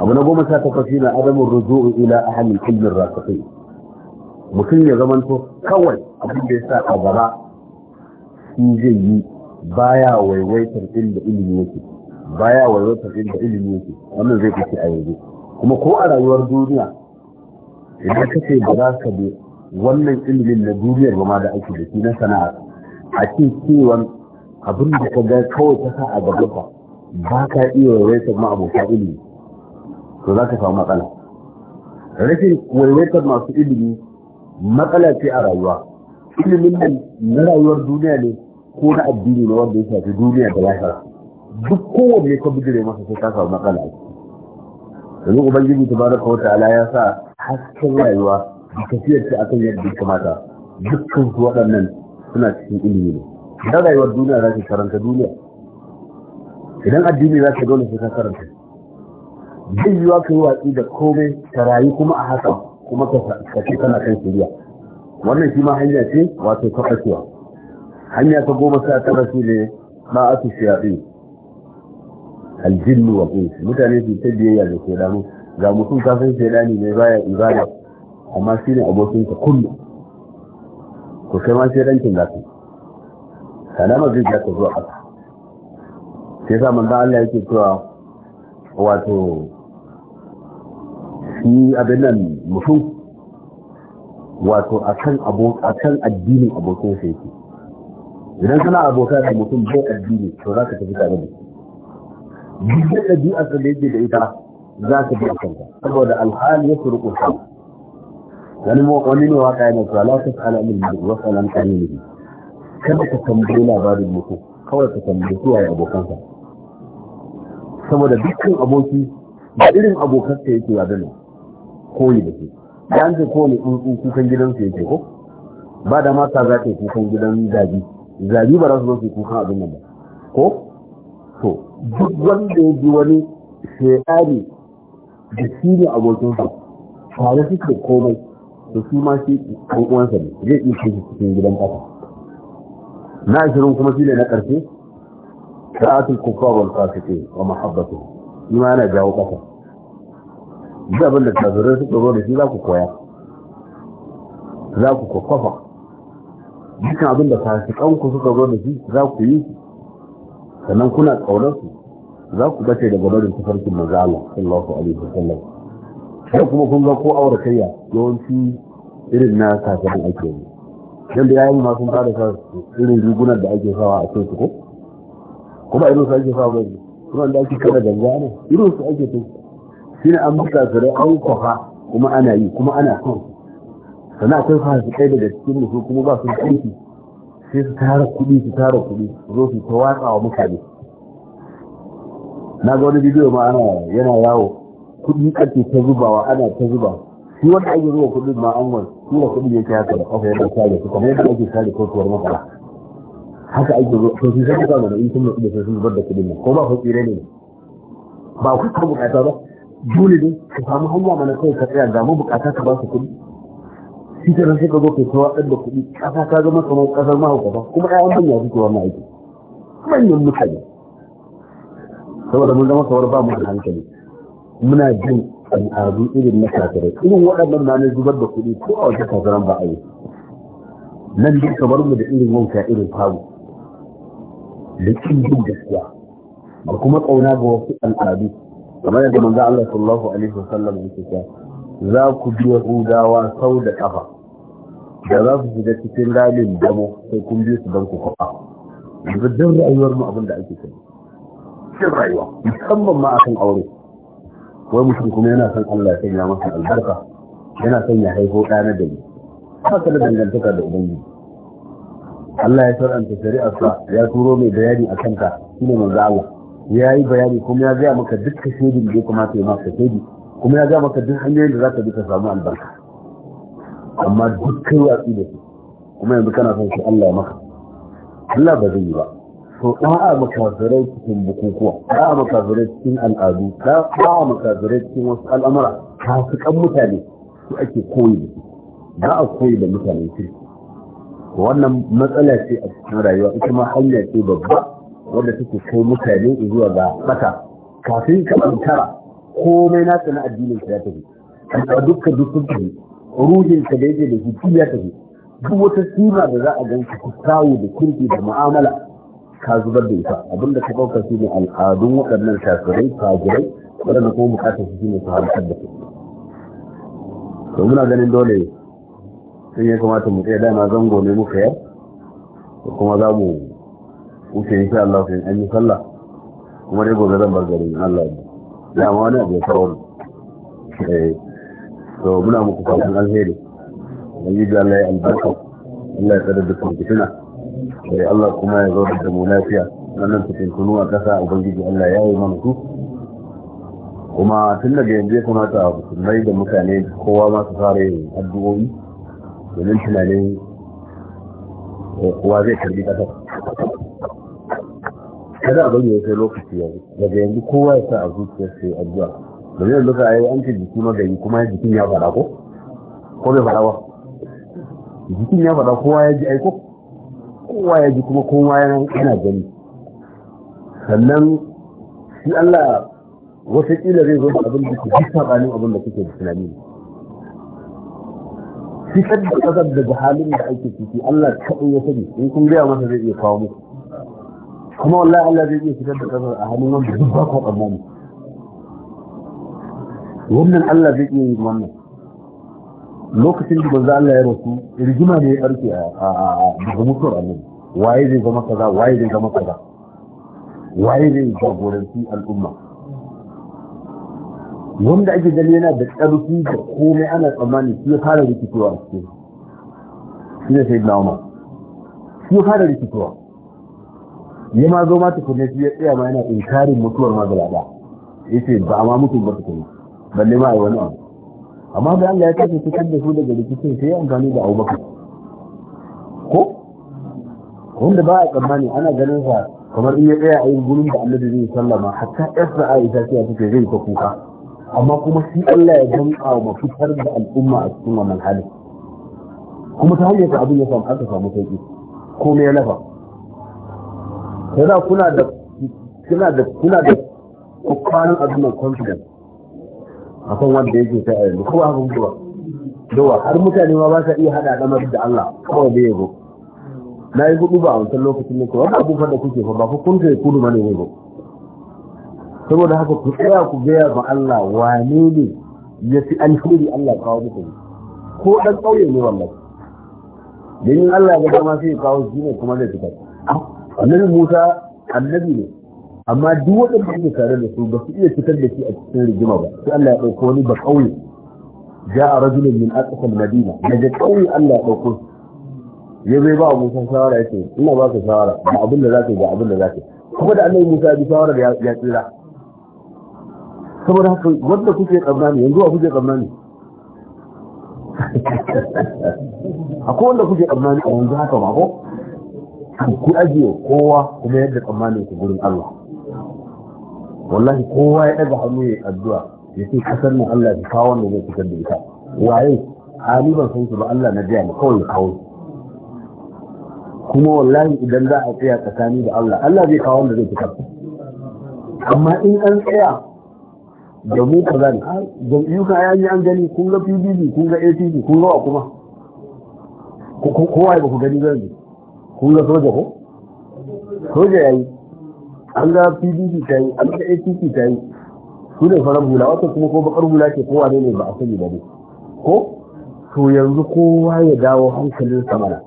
abu na goma sha takwas na adamun ruju'u ila ahalin ilmin rasafai mutum ya zamanto kawai abin da ya sa a gaba shi zai yi baya waiwaitar inda ilimi yake baya waiwaitar inda ilimi yake wannan zai fice a yanzu kuma ko a rayuwar duniya idan kace ba za ka wannan ilimin na duniyar ba ma da ake da shi na sana'a a ce cewa abin da ka ga kawai ta sa a gaba ka ba ka iya waiwaitar ma abokan ilimi to za ka samu matsala rashin waiwaitar masu ilimi matsala ce a rayuwa ilimin nan na rayuwar duniya ne ko na addini ne wanda ya shafi duniya da lafiya duk kowanne ka bijire masa sai ka samu matsala yanzu ubangiji da wata ala ya sa hasken rayuwa da tafiyar ta akan yadda kamata dukkan su waɗannan suna cikin ilimi ne idan rayuwar duniya za ka karanta duniya idan addini za ka dole sai ka karanta zai yiwa ka yi watsi da komai ka rayu kuma a haka kuma ka ce kana kan shirya wannan shi ma hanya ce wato ta ɓacewa hanya ta goma sha tara shi ne su shayaɗi aljinnu wa mutane su ta biyayya da ke damu ga mutum kafin san shaidani ne baya ibada amma shi ne abokinka kullum to kai ma sai rankin za ka salama zai za ka zuwa ƙasa sai sa manzo Allah yake cewa wato shi abin nan mutum wato akan a kan addinin abokin sa yake idan kana abota da mutum bai addini to za ka tafi tare da shi duk da ɗabi'ar da yake da ita za ka bi a kanta saboda alhali ya suruku sama wani wani ne waka yana cewa lafis alamun da min mutu wasu alam kalimi kada ka tambayi labarin mutu kawai ka tambayi kiyaye abokansa saboda dukkan aboki da irin abokansa yake wa dana koyi da ke da an ce kowane tsuntsu kukan gidansu yake ko ba da mata za ta yi kukan gidan zabi zabi ba za su zo su kukan abin nan ba ko to duk wanda ya ji wani shekari da shi ne abokinsa tare suke komai to shi ma shi ɗan uwansa ne zai iya shi cikin gidan ƙasa na ashirin kuma shi ne na ƙarshe sa'atul kuffar wal fasiqin wa mahabbatu shi ma yana jawo ƙasa duk abin da kafirai suka zo da shi za ku koya za ku kwakwafa dukkan abin da fasikanku suka zo da shi za ku yi sannan kuna ƙaunarsu za ku bace daga barin tafarkin manzo Allah sallallahu alaihi wasallam sai kuma kun ga ko aure auratayya yawanci irin na kasarin ake yi dan da yayin ma sun fara sa irin rigunar da ake sawa a cikin ko kuma irin su ake sawa ne kuma da ake kada ganga ne irin su ake to shi ne an buka su da an kofa kuma ana yi kuma ana son sannan akwai fasu kai daga cikin musu kuma ba su kanki sai su tara kuɗi su tara kuɗi su zo su ta watsa wa mutane na ga wani bidiyo ma ana yana yawo kuɗi ake ta zubawa ana ta zuba shi wanda ake zuba kuɗin ma an wani da kuɗi yake haka da kafa yadda kare su kamar yadda ake kare kotuwar makara haka ake zuwa to shi sai kuka da in sun mutu da sun zubar da kuɗin ko ba ku tsire ne ba ku ka bukata ba dole ne ka samu hanya mana kai ka tsaya ga mu bukata ka ba su kuɗi shi ta sai ka zo ka kawo ɗan da kuɗi ƙasa ta zama kamar ƙasar mahaukata kuma ƴaƴan manya suke wannan aiki manyan mutane saboda mun zama kawar ba mu da hankali muna jin al'adu irin na kafirai irin waɗannan ma na zubar da kuɗi ko a wata kafiran ba a yi nan dai bar mu da irin wanka irin famu da kin jin gaskiya da kuma ƙauna ga wasu al'adu kamar yadda manzo Allah sallallahu alaihi wasallam yake cewa za ku bi Yahudawa sau da ƙafa. da za su shiga cikin ramin damo sai kun bi su don ku kwafa yanzu don rayuwar mu abin da ake kai cikin rayuwa musamman ma akan aure wai mutum kuma yana son Allah ya sanya masa albarka yana son ya haifo ɗa na gari haka da dangantaka da ubangiji Allah ya saranta shari'arsa ya turo mai bayani a kanka shine manzo Allah ya yi bayani kuma ya gaya maka dukkan shaidin da ya kamata ya maka kuma ya gaya maka duk hanyoyin da za ka bi ka samu albarka amma duk kai watsi da su kuma yanzu kana son shi Allah ya maka Allah ba zai yi ba to ɗa'a makazirai cikin bukukuwa a makazirai cikin al'adu a makazirai cikin wasu al'amura fasikan mutane su ake koyi da su ba a koyi da mutane su wannan matsala ce a cikin rayuwa ita ma hanya ce babba wanda take kai mutane zuwa ga bata kafin ka tara komai na tsana addinin ka ya tafi a dukkan dukkan tafi ruhin ka da yake da shi ya tafi duk wata sima da za a ganka ku kawo da kirki da mu'amala ka zubar da ita abinda ka ɗauka shi ne al'adun waɗannan shafirai kafirai waɗanda kuma bukatar su ne su harkar da su to muna ganin dole sun ya kamata mu tsaye dama zango ne muka yar da kuma za mu wuce insha Allah sai an yi sallah kuma dai gobe zan bar garin Allah ya ma wani abu ya kawo eh to muna muku fatan alheri Allah ya albarka Allah ya tsare da fitina sai Allah kuma ya zo da mu lafiya wannan kunu a kasa ubangiji Allah ya yi mana su kuma tun daga yanzu ya kamata a musulmai da mutane kowa ma su fara yin addu'o'i domin tunanin kowa zai karbi kasa. kada a bayyana sai lokaci yanzu daga yanzu kowa ya sa a zuciyar sai addu'a domin yanzu ka yi an ce jiki magani kuma jikin ya faɗa ko ko bai faɗa ba jikin ya faɗa kowa ya ji aiko kowa ya ji kuma kowa yana gani sannan shi Allah wata kila zai zo abin da ke bisa tsanin abin da kuke da tunani shi kadda kasar daga halin da ake ciki Allah kaɗai ya sani in kun gaya masa zai iya kawo muku kuma wallahi Allah zai iya fitar da kasar a hannun wanda duk ba ku tsammani wannan Allah zai iya yi wannan lokacin da banza Allah ya rasu rigima ne ya barke a daga mutuwar annabi waye zai zama kaza waye zai zama kaza waye zai jagoranci al'umma wanda ake gani yana da ƙarfi da komai ana tsammani shi ya fara rikitowa a cikin shi ne sai na shi ya fara rikitowa ya ma zo ma tukune shi ya tsaya ma yana inkarin mutuwar ma gaba ya ce ba ma mutum ba tukune balle ma a yi wani abu amma da Allah ya tafi fitar da su daga rikicin sai amfani da abubakar ko wanda ba a tsammani ana ganin sa kamar in ya tsaya a yin gurin da Allah zai sallama hatta yarsa Aisha ce take zai ta kuka amma kuma shi Allah ya danka wa fitar da al'umma a cikin wannan halin kuma ta hanyar abin ya samu aka samu sauki komai ya lafa sai kuna da kuna da kuna da kwanan abin confidence akan wanda yake ta yanzu ko abin duwa duwa har mutane ma ba sa iya hada damar da Allah kawai da yago na yi hudu ba a wancan lokacin ne kawai abu fa da kuke fa ba ku kun kai kudu mani ne ba saboda haka ku tsaya ku gaya ma Allah wane ne ya fi alheri Allah kawo muku ko dan kauye ne wallahi dan Allah ya ga dama sai kawo shi ne kuma zai fita annabi Musa annabi ne amma duk waɗanda suke tare da su ba su iya fitar da shi a cikin rigima ba sai Allah ya ɗauko wani ba ƙauye ja a rajulun min aqsa madina daga ƙauye Allah ya ɗauko ya zai ba Abu Musa shawara ce, ina ba ka shawara ba abin da zaka ga abin da zaka kuma da Annabi Musa bi shawara da ya tsira saboda haka wanda kuke tsammani yanzu a kuke tsammani akwai wanda kuke tsammani a yanzu haka ba ko ku ajiye kowa kuma yadda tsammanin ku gurin Allah wallahi kowa ya daga hannu ya addu'a ya ce kasar nan Allah ya kawo wanda zai fitar da ita waye hali ban san ba Allah na jiya kawai ya kawo kuma wallahi idan za a tsaya tsakani da Allah Allah zai kawo wanda zai fitar amma in an tsaya da mu ka zani jam'iyyu ka yayi an gani kun ga PDP kun ga ATP kun ga kuma kowa ba ku gani gani kun ga soja ko soja yayi an ga pdp ta yi an ga apc ta yi su ne farar hula wata kuma ko bakar hula ke, kowa ne ba a sani ba ne ko to yanzu kowa ya dawo hankalin samana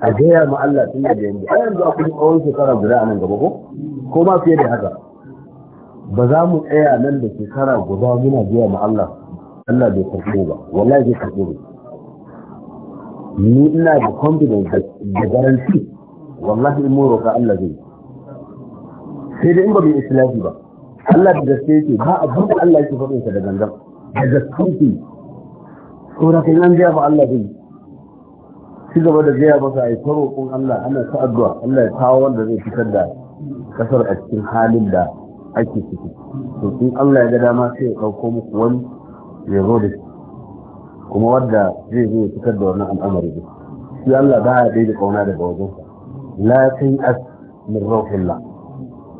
a gaya ma Allah tun da yanzu a yanzu a kuma tsawon shekara guda a nan gaba ko ko ma fiye da haka ba za mu tsaya nan da shekara guda muna gaya ma Allah Allah bai karɓo ba wallahi bai karɓo ba ni ina da confidence da garanti wallahi in mun roƙa Allah zai sai dai in ba mai islahi ba Allah da gaske yake ba abin da Allah yake faɗin sa da gangan da gaske yake saboda kai an biya ba Allah zai ci gaba da gaya masa a yi ta roƙon Allah ana ta addu'a Allah ya kawo wanda zai fitar da kasar a cikin halin da ake ciki to in Allah ya ga dama sai ya ɗauko muku wani ya zo da shi kuma wadda zai zo ya fitar da wannan al'amari shi Allah ba ya daidai kauna daga wajensa la kai as min rauhin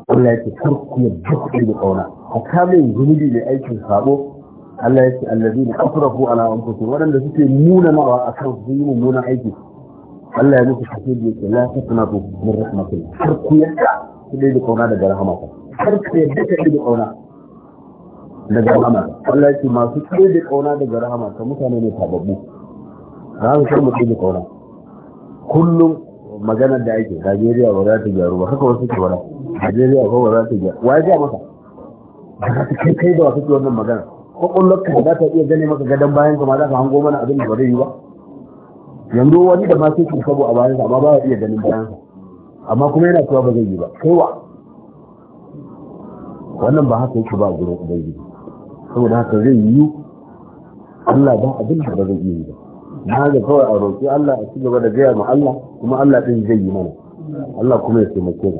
Allah ya ce kar ku yadda ku da kauna a kamin zunubi mai aikin sabo Allah ya ce allazi ne afrafu ala anfusi waɗanda suke nuna nawa a kan su yi mummunan aiki Allah ya musu kace da yake la tasnatu min rahmatillah kar ku yadda ku da kauna daga rahmata kar ku yadda ku da kauna daga rahmata Allah ya ce masu kai da kauna daga rahmata mutane ne tababbu za su san mutum da kauna kullum maganar da ake Najeriya ba za ta gyaru ba haka wasu ke wani Najeriya ko ba za ta ga wa ya masa ba za ta kai kai da wasu wannan magana kwakwallon ka za ta iya gane maka gadon bayan ka ma za ka hango mana abin da ba zai yi ba yanzu wani da ma sai ku sabo a bayansa amma ba ya iya ganin bayansa amma kuma yana cewa ba zai yi ba wa? wannan ba haka yake ba gurin ubangiji saboda haka zai yi Allah ba abin da ba zai yi ba na ga kawai a roƙi Allah a ci gaba da gaya ma Allah kuma Allah din zai yi mana Allah kuma ya taimake mu